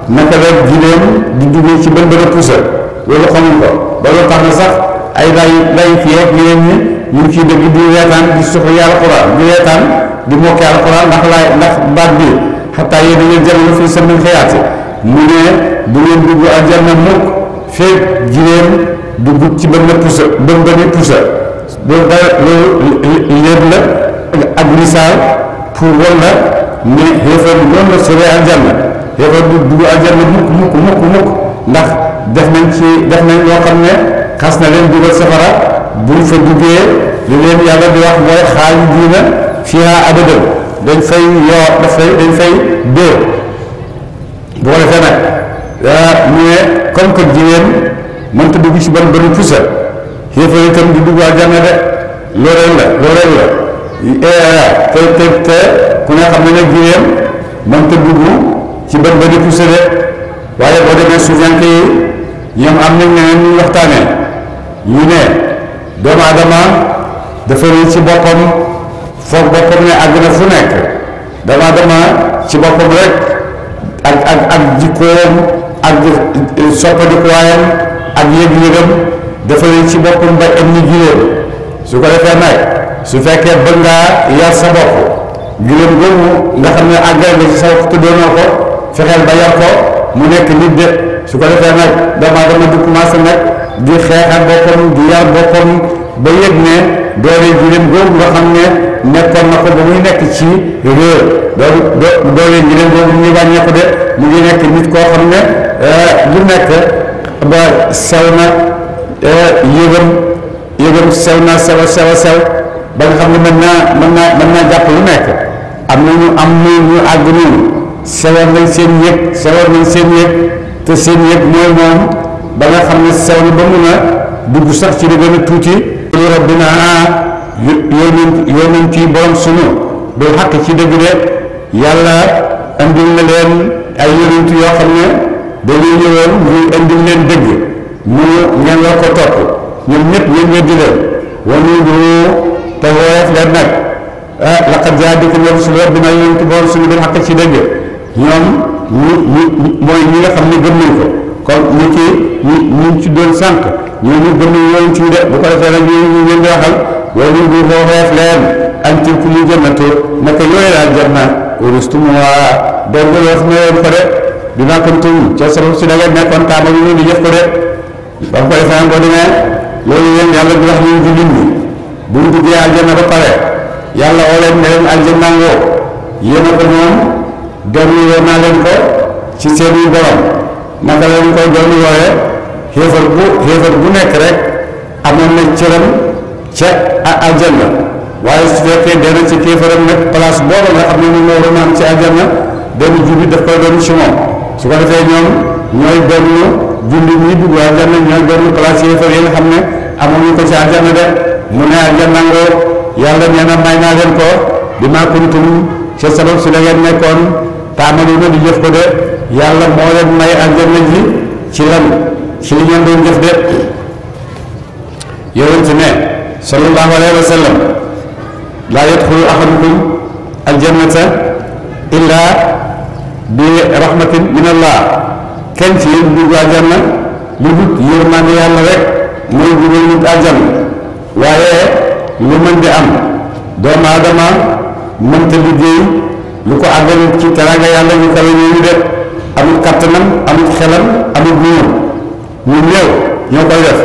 naka la gileem di duggee ci bën bën a puusa loolu xamuñ ko ba tax na sax ay lay lay fii ak ñeneen ñi ñu ngi ciy dëgg di reetaan di soxla yàlla xuraan di reetaan di mokki yàlla ndax laay ndax baat bi xataa yéen da ngeen fii sa mil xëyaate mu ne du ngeen dugg aljanna mukk feeg gileem dugg ci bën bën a puusa bën bën a puusa loolu léeb la ak risaal pour walla ne xéefar bi loolu la sori aljanna xéefar du dugg aljanna mukk mukk mukk ndax def nañ ci def nañ loo xam ne xas na leen dugal safara buñ fa duggee li leen yàlla di wax mooy xaali diina fiha abadan dañ fay yoo daf fay dañ fay dóor bu ko defee nag ah, ne comme que jigéen mënta dugg ci ban banu pusa xéefar itam di dugg aljanna de loolu la loolu la Eh, te te te ku ne xam ne nag gileem mënta dugg ci bët ba di poussé de waaye boo demee suufiyànke yi ñoom am nañ neneen ñu waxtaanee ñu ne doomu aadama dafa rëy ci boppam foog boppam ne àgg na fu nekk doomu aadama ci boppam rek ak ak ak jikkoom ak soppandikuwaayam ak yëg-yëgam dafa rëy ci boppam ba am ni gileem su ko defee nag su fekkee bëgg ngaa yar sa bopp gëlëm googu nga xam ne àggal nga ci sa bopp te doonoo ko fexeel ba yar mu nekk nit de su ko defee nag dama dama du commencé nag di xeexal boppam di yar boppam ba yëg ne doole gëlëm googu nga xam ne nekkoon na ko ba muy nekk ci réer doole doole gëlëm googu ñu wàññeeku de mu ngi nekk nit koo xam ne eh, lu nekk ba sew na eh, yëgam yëgam sew na sew sew sew ba nga xam ne mën naa mën naa mën naa jàpp lu nekk am na ñu am noonu ñu àgg noonu sawar nañ seen yëg sawar nañ seen yëg te seen yëg moom ba nga xam ne sew na ba mun a dugg sax ci lu gën ci borom sunu ci dëgg de yàlla indil na leen ay yonent yoo xam ne dañuy ñëwoon muy indil leen dëgg mu ñan war topp ñoom ñëpp ngeen weddi leen wan te woyof leen nag ah laqad jaa'atkum rasuulun rabbinaa yonent boobu suñu bil haqq ci dëgg ñoom ñu ñu mooy ñi nga xam ne gëm ko kon ñu ci ñu ñu ci doon sànq ñooñu gëm nañ ñooñu ci de bu ko defee nag ñooñu ñu leen di waxal loolu yooyu daal jar na urustumuuhaa doon nga wax ko de bimaa kuntum ca sabab si da ngeen nekkoon taaba ñu ko de ba ko defee ngoo di ne loolu yéen yàlla di wax ñu jullit bu ñu duggee aljanna ba pare yàlla oo leen leen aljanna ngoo yéen a ko moom doonu yoo naa leen ko ci seeni borom naka leen koy doonu yooyee xéefar bu xéefar bu nekk rek amoon na cëram ca aljanna waaye su fekkee dana ci kéefaram nag place booba nga xam ne moom moo doon am ci aljanna benn julli daf koy doon si moom su ko defee ñoom ñooy benn julli ñi dugg aljanna ñooy benn place yéefar yi nga xam ne amoon ñu ko ci aljanna de mu ne aljanna ngoo yàlla nee na may naa leen ko bi maa kuntum ca sabab si la ngeen nekkoon taamaluuna di jëf ko de yàlla moo leen may aljanna ji ci lan ci li ngeen doon jëf de yonent ne sallallahu alayhi wa sallam laa yadxulu ahadukum aljannata illa bi rahmatin min allah kenn yàlla rek mooy dugal nit aljanna lu mën di am doomu aadama te liggéey lu ko àggal ci teraanga yàlla ñu kawe ñu def amul kattanam amul xelam amul muñam ñu néew ñoo koy def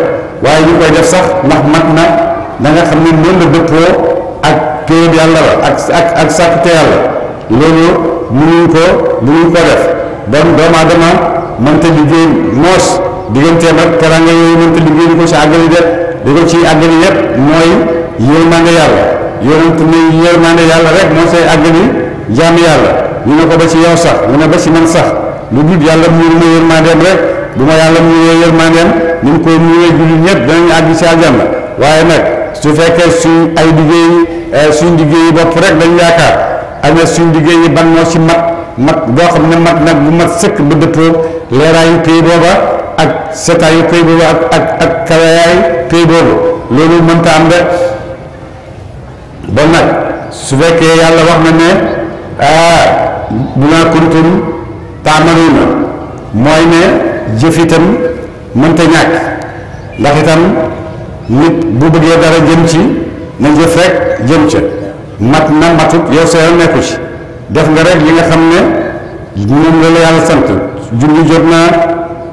waaye ñu koy def sax ndax mat na da nga xam ne noonu dëppoo ak péeb yàlla la ak ak ak sàkkute yàlla loolu mënuñ ko mënuñ ko def donc doomu aadama mënta liggéey moos digganteem ak teraanga yooyu mënta liggéey ñu ko ci àggali def di ko ci àggali yépp mooy yërmande yàlla yonent ni yërmande yàlla rek moo fay àgg ni jaam yàlla ñu ne ko ba ci yow sax mu ne ba ci man sax lu dul yàlla muur ma yërmandeem rek bu ma yàlla muuree yërmandeem ni mu koy muuree jullit ñëpp danañ àgg ci àjjana waaye nag su fekkee suñ ay liggéey eh, suñ liggéey yi bopp rek dañ yaakaar am na suñ liggéey yi ban moo ci mat mat boo xam ne mat nag bu mat sëkk ba dëppoo leeraayu pay booba ak setaayu pay booba ak ak ak kawaayu pay boobu loolu bon nag su fekkee yàlla wax na ne ah, bu ma kuntum taamaluuna mooy ne jëf itam mënta ñàkk ndax itam nit bu bëggee dara jëm ci na jëf rek jëm ca mat na matut yow sa yoon nekku ci def nga rek li nga xam ne moom la la yàlla sant julli jot na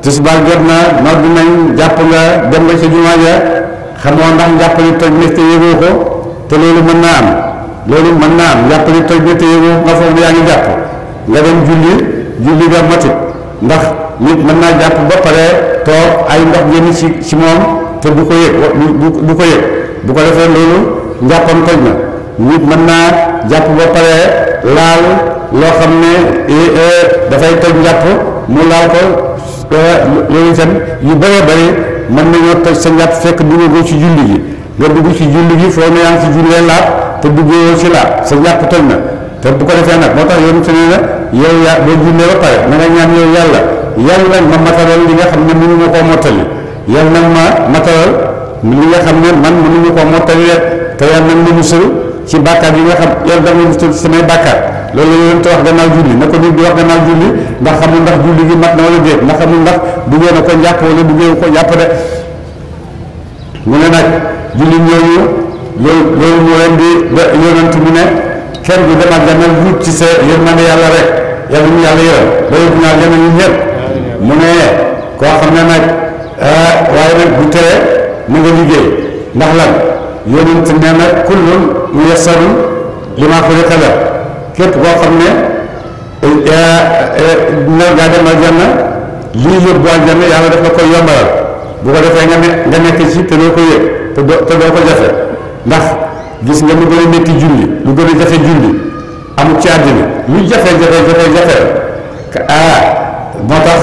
tisbaar jot na nodd nañ jàpp nga dem nga ca jumaa ja xamoo ndax njàpp ni toj na te yëgoo ko te loolu mën naa am loolu mën naa am jàpp ne toj na te yow nga foog ne yaa jàpp nga dem julli julli nga matut ndax nit mën naa jàpp ba pare toog ay ndox génn ci ci moom te du ko yëg du ko yëg bu ko defee loolu njàppam toj na nit mën naa jàpp ba pare laal loo xam ne e, e, dafay toj njàpp mu laal ko yooyu e, itam yu bëree bëri mën nañoo toj sa njàpp fekk duggagoo ci julli gi nga dugg ci julli gi foo ne yaa ngi ci jullee laab te duggoo ci laab sa jàpp toj na te bu ko defee nag moo tax yoonu sene na yow yaa boo jullee ba pare na nga ñaan yow yàlla yàlla ma matalal li nga xam ne mënuma koo mottali yàlla nag ma matalal li nga xam ne man mënuma koo mottali rek te yàlla nag ma musal ci bàkkaar yi nga xam yàlla dama musal ci samay bàkkaar loolu la yonent wax gannaaw julli na ko nit di wax gannaaw julli ndax xamul ndax julli gi mat na wala déet ndax xamul ndax bu na ko njàpp wala bu duggee ko njàpp de mu ne nag jullit ñooñu loolu loolu moo leen di mu ne kenn du dem àjjana wut ci sa yërmande yàlla rek yàlla ñu yàlla yërëm ba yóbbu naa àjjana ñun ñëpp mu ne koo xam ne nag ah, waaye nag bu tere mu nga liggéey ndax lan yonent nee na kullun muyassarun limaa xuliqa la képp koo xam ne nar eh, eh, eh, ngaa dem àjjana lii yóbbu àjjana yàlla daf la koy yombalal bu ko defee nga ne nga nekk ci te doo ko yëg te doo te doo ko jafe ndax gis nga lu gën a métti julli lu gën a jafe julli amul ci àddina lu jafe jafe jafe jafe aa ah, moo tax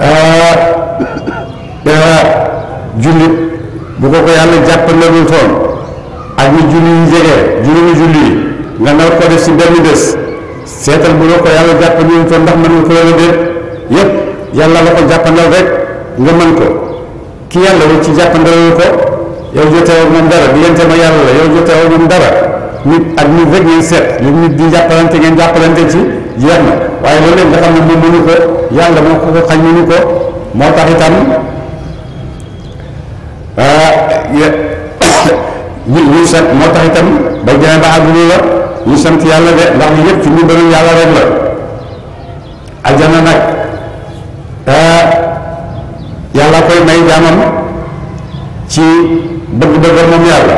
ah, ah, julli bu ko ko yàlla jàppandalul toon ak ni julli yi jege juróomi julli si benn bés seetal bu ko yàlla jàppandalul toon ndax mën nga ko yàlla déet yëpp yàlla la ko jàppandal rek nga mën ko ki yàlla wut ci jàppandaloo ko yow jotewoo moom dara diggante ma yàlla la yow jotewoo moom dara nit ak nit rek ngeen di jàppalante ngeen jàppalante ci jeex na waaye loolu lépp nga xam ne moom mënu ko yàlla moo ko ko xañ mënu ko moo tax itam ah, ñu ñu moo tax ba jëmee ba àdduna la ñu sant yàlla de ndax li yëpp ci ndimbalu yàlla rek la ajana nag ah, may jamam ci bëgg-bëggam moom yàlla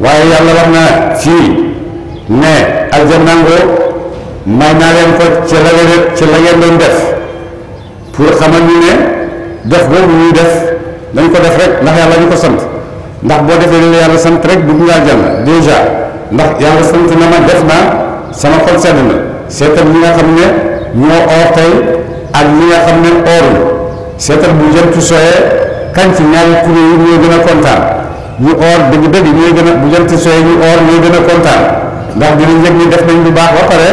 waaye yàlla wax na fii ne aljanna ngoo may naa leen ko ci la ngeen ci la ngeen doon def pour xamal ñu ne def boobu ñuy def dañ ko def rek ndax yàlla ñu ko sant ndax boo defee li la yàlla sant rek dugg nga aljanna déjà ndax yàlla sant na ma def naa sama xol sedd na seetal ñi nga xam ne ñoo oor tey ak ñi nga xam ne ooruñu seetal bu jant sooyee kañ ci ñaari kuréel yi ñooy gën a kontaan ñu oor dëgg-dëgg ñooy gën a bu jant sooyee ñu oor ñooy gën a kontaan ndax dinañ yëg ni def nañ bu baax ba pare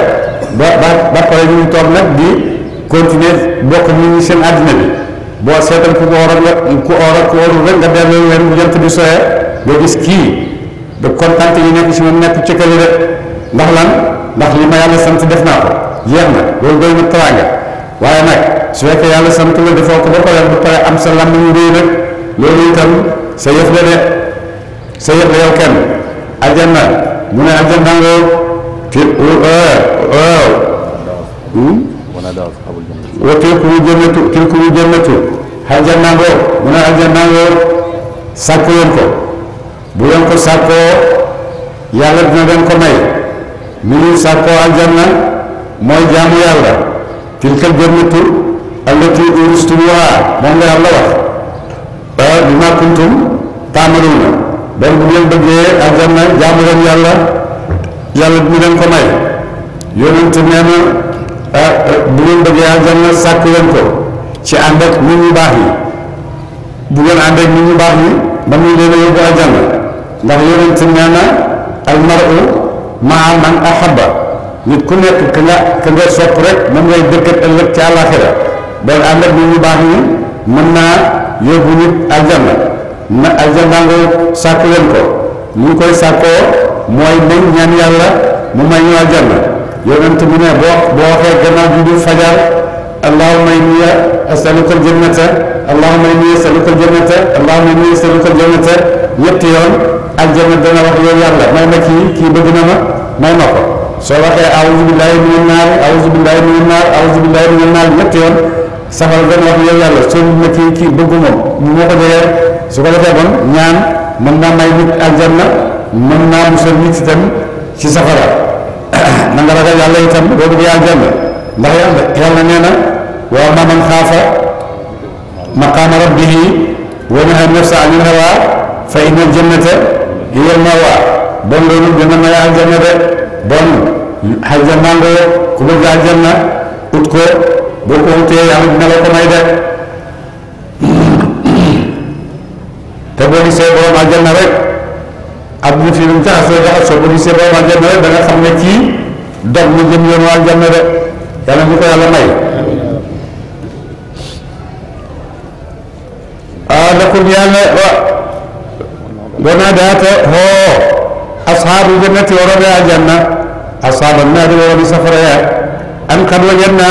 ba ba pare ñu ngi toog nag di continuer bokk nit seen àddina bi boo seetal ku oor ak ku oor ak ku oorul rek nga delloo leen bu jant bi sooyee nga gis kii da kontaan te ñu si moom ci kële rek ndax lan ndax sant def naa ko jeex na loolu doy na teraanga waaye nag su fekkee yàlla sant la defoo ko ba pare ba pare am sa làmmiñ réy loolu itam sa yëf de sa la yow kenn mu ne aljanna nga fi waaw e, e. hmm? wa tilkumul jannatu tilkumul jannatu aljanna nga mu bu leen ko sàkkoo yàlla dina leen mooy jaamu yàlla tilkal jannatu allati uristumuha moom la yàlla wax ah bi ma kuntum taamaluuna donc bu ngeen bëggee aljanna jaamu leen yàlla yàlla dina leen ko may yonent nee na ah bu ngeen bëggee aljanna sàkk leen ko ci ànd ak nit ñu baax yi bu ngeen ànd ak nit ñu baax yi man ñu leen a yóbbu aljanna ndax yonent nee na almaru maa man axabba nit ku nekk ki nga ki nga sopp rek mën ngay dëkkat ëllëg ci àllaaxira doon ànd ak nit ñu baax ñi mën naa yóbbu nit aljanna na aljanna nga sàkku leen ko ñu koy sàkkoo mooy nañ ñaan yàlla mu may ñu aljanna yonent mu ne boo boo waxee gannaaw ju dul fajar allahumma inni asaluka aljannata allahumma inni asaluka aljannata allahumma inni asaluka aljannata ñetti yoon aljanna dana wax yow yàlla may ma kii kii bëgg na ma may ma ko soo waxee awuzu billaahi mina naar awuzu billaahi mina naar awuzu billaahi mina naar ñetti yoon safara dana wax yow yàlla soo na kii kii bëggu moom moo ko jegee su ko defee bon ñaan mën naa may nit aljanna mën naa musal nit itam ci safara na nga ragal yàlla itam boo bëggee aljanna ndax yàlla yàlla nee wa amma man xaafa maqaama rabbihi wa nahaa nafsa anil hawaa fa inna al jannata hiya al mawaa bon loolu dina may aljanna bon aljanna ngoo ku bëgg aljanna ut ko boo ko utee yàlla dina la ko may de te boo gisee borom rek adduna fi mu jaxasoo jaxasoo boo gisee borom aljanna rek da xam ne kii dog na jëm yoonu aljanna de yàlla ñu ko yàlla may ah lakum yàlla wa boo daata hoo ashaabu jannati wa rabbi aljanna asaaba naari wa bi safara ya an qad wajadna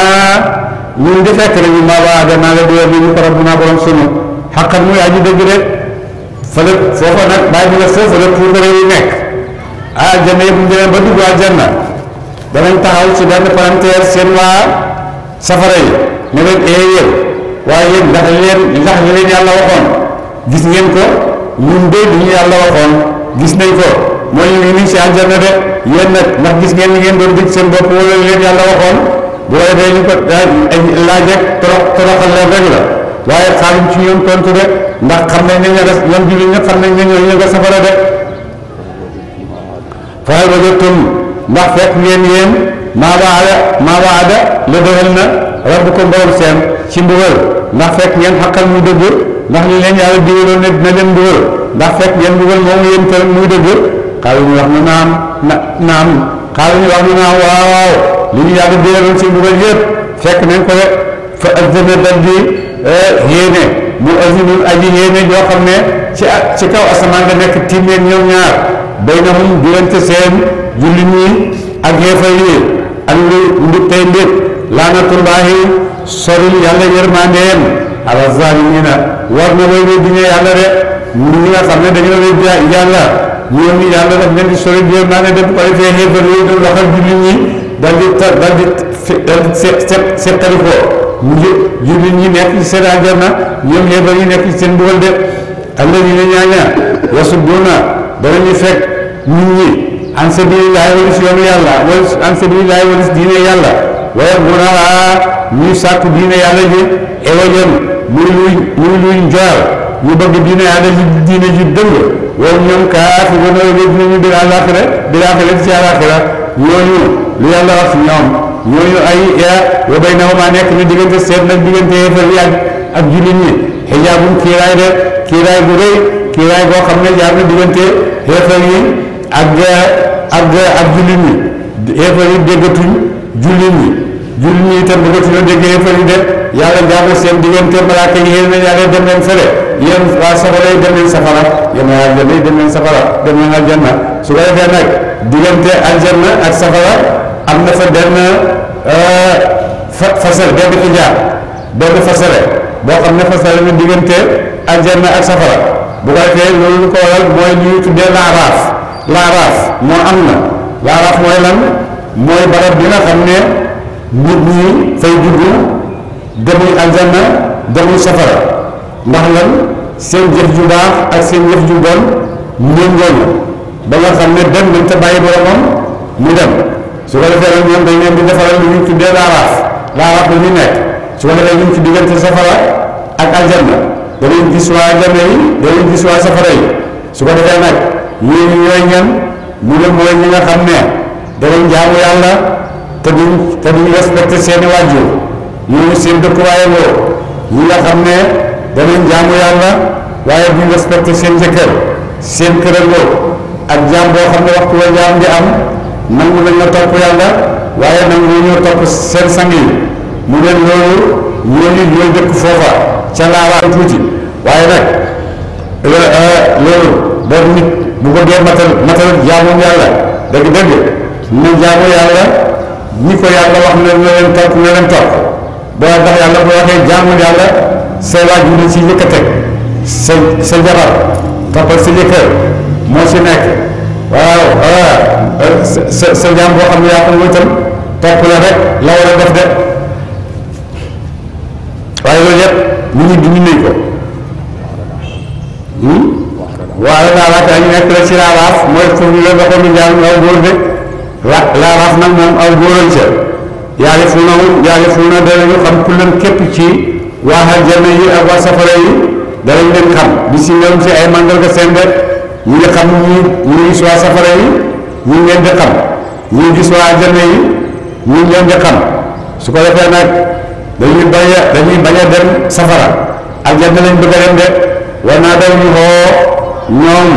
ñun di fekk nañu maa waadana la diwe bi ñu ko rabbuna borom sunu xaqat muy aji dëgg rek fële foofa nag bàyyi bi la foofa la puukare yi nekk aljanna yi bu ñu demee ba dugg aljanna danañ taxaw ci benn palanteer seen waa safara yi ne leen ee eh, yéen waaye yéen ndax leen ndax leen yàlla waxoon gis ngeen ko ñun de duñu yàlla waxoon gis nañ ko mooy ñu ngi nii si àjjana de yéen nag ni bu ko defee ñu ko daal ay laaj ak torox toroxal leen rek la waaye xaaruñ ci ne ña nga ñoom jullit ñëpp xam nañ ne ñoo ña nga safara de faral ba jotum ndax ada maa ba ada la dogal na rabbukum borom seen ci mbugal ndax fekk ngeen xaqal mu dëgg ndax li leen yàlla digaloon ne dina leen mbugal ndax fekk ngeen mbugal moom yéen xaaral ñu wax na naam na naam xaaral wax na naam waaw li ñu yàgg déeroon si mbugal yëpp fekk nañ ko de fa azana dal di eh, mu azinun aji yéene joo xam ne ci ci kaw asamaan nga nekk tiim leen ñoom ñaar baynahum diggante seen jullit ñi ak yéefar yi ak ndi ndi tey mbir laanatullaahi soril yàlla yërmandeem ala zaalimiina war na way wéddi yàlla de ñi nga xam ne dañoo wéddi yàlla yoon yi yàlla daf leen di sori yoon naa ne def ko defee xeefar yooyu daf la xam jullit ñi ta dal di dal di se se seqali nekk ci seen àjjana ñoom xeefar yi nekk ci seen mbugal de alladina ñaaña yasudduna danañu fekk nit ñi an sabilillahi yoonu yàlla wala an sabilillahi wala yàlla waaye bu na ñuy sàkku diine yàlla ji ewajan muy luy muy luy njaar ñu bëgg diine yàlla ji diine ji dëng wala ñoom kaas yi ba nawet bi dinañu biir àllaaxira biir àllaaxira ci àllaaxira ñooñu lu yàlla wax si ñoom ñooñu ay ya wa bay na maa nekk na diggante seet nag diggante yéefar yi ak ak jullit ñi xijaabum kiiraay de kiiraay bu rëy kiiraay boo xam ne jaar na diggante yéefar yi ak ak ak jullit ñi yéefar yi déggatuñ jullit ñi jullit ñi dégg yéefar yi de yàlla jaar na seen diggante malaaka yi yéen a yàlla dem leen fële yéen waa safara yi dem leen safara yéen waa aljanna yi dem leen safara dem leen su ko defee nag diggante aljanna ak safara am na fa benn euh, fa fasal benn xijaar benn fasale boo xam diggante aljanna ak safara bu ko defee loolu lu ko waral mooy li ñuy tuddee laaraaf moo am na laaraaf mooy lan mooy barab bi na xam ne nit ñi fay juddu demul aljanna demul safara ndax lan seen jëf ju baax ak seen jëf ju bon méngoo na ba nga xam ne dem nañ te bàyyi boromam mu dem su ko defee nag ñoom dañ leen di defaral lu ñu tuddee laaraaf laaraaf la ñu nekk su ko defee ñu ci diggante safara ak aljanna danañ gis waa aljanna yi danañ gis waa safara yi su ko defee nag yéen ñooy ñan mu ne mooy ñi nga xam ne danañ jaamu yàlla te duñ te duñ respecté seeni wàjjur ñu seen dëkkuwaayaloo ñi nga xam ne danañ jaamu yàlla waaye duñ respecté seen jëkkër seen kërandoo ak jaam boo xam ne waxtu wa jaam bi am nangu nañ la topp yàlla waaye nangu ñoo topp seen sang yi mu ne loolu ñooñu ñooy dëkk foofa ca laalaa eh, eh, na jaamu yàlla ñi ko yàlla wax ne na leen topp na leen topp boo tax yàlla bu waxee jaamu yàlla सेवा यूनिसी लिखते सेल्जरा kapasilikai mosinak waaw voilà sa sa jaam boo xam ne yaa ko wëtal topp la rek la war a def de waaye loolu yëpp nit ñi dund nañ ko waaye laaraaf yaa ngi nekk la ci laaraaf mooy pour ñu leen waxoon jaam aw góor de la laaraaf nag moom aw góoral ca yaari fu na yaari fu na dana ñu xam ku leen képp ci waa aljanna yi ak wa safara yi danañ leen xam bi ci ñoom ci ay mandarga seen def yi nga xam ñi ñi gis waa safara yi ñi leen di xam ñi gis wa aljanna yi ñi leen di xam su ko defee nag dañuy bañ dañuy bañ dem safara ak aljanna lañ bëgg dem de war naa daw ñu xoo ñoom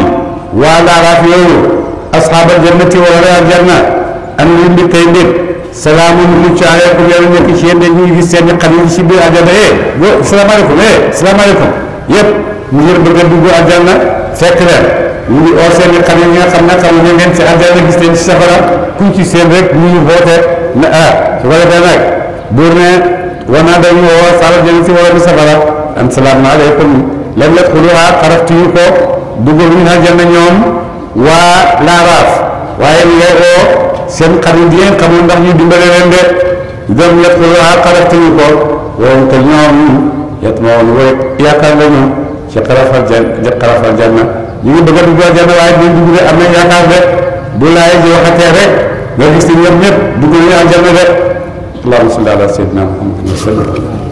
waa laaraaf yooyu asxaabal jannati wala aljanna an ñu bi tey ndépp salaamun mucc aleykum yow nekk ci yéen dañuy gis seen xarit ci biir àjjana eh yow salaamaaleykum eh salaamaaleykum yëpp ñu ngi bëgg a dugg àjjana fekk leen ñu ngi oo seen i xarit yi nga xam ne xam ne ngeen ci àjjana gis leen ci safara ku ci seen rek ñu ngi woote ne ah su ko defee nag buur ne war naa dañu woo sala jëm si wala safara an salaamaaleykum lam yadxuluha xaraftuñu ko dugg bu ñu àjjana ñoom waa laaraaf waaye ñu ngi oo seen xarit yi ngeen xamul ndax ñu dimbale leen de ñoom ñett laa xaratuñu ko waaye te ñoom ma woon waaye yaakaar lañu ci xarafal jan ja xarafal janna ñu ngi bëgg a dugg janna waaye duñ dugg de am nañ yaakaar bu laay ji waxatee rek nga gis ni ñoom ñëpp dugg nañu aljanna de allahumma salli ala sayyidina muhammadin wa sallam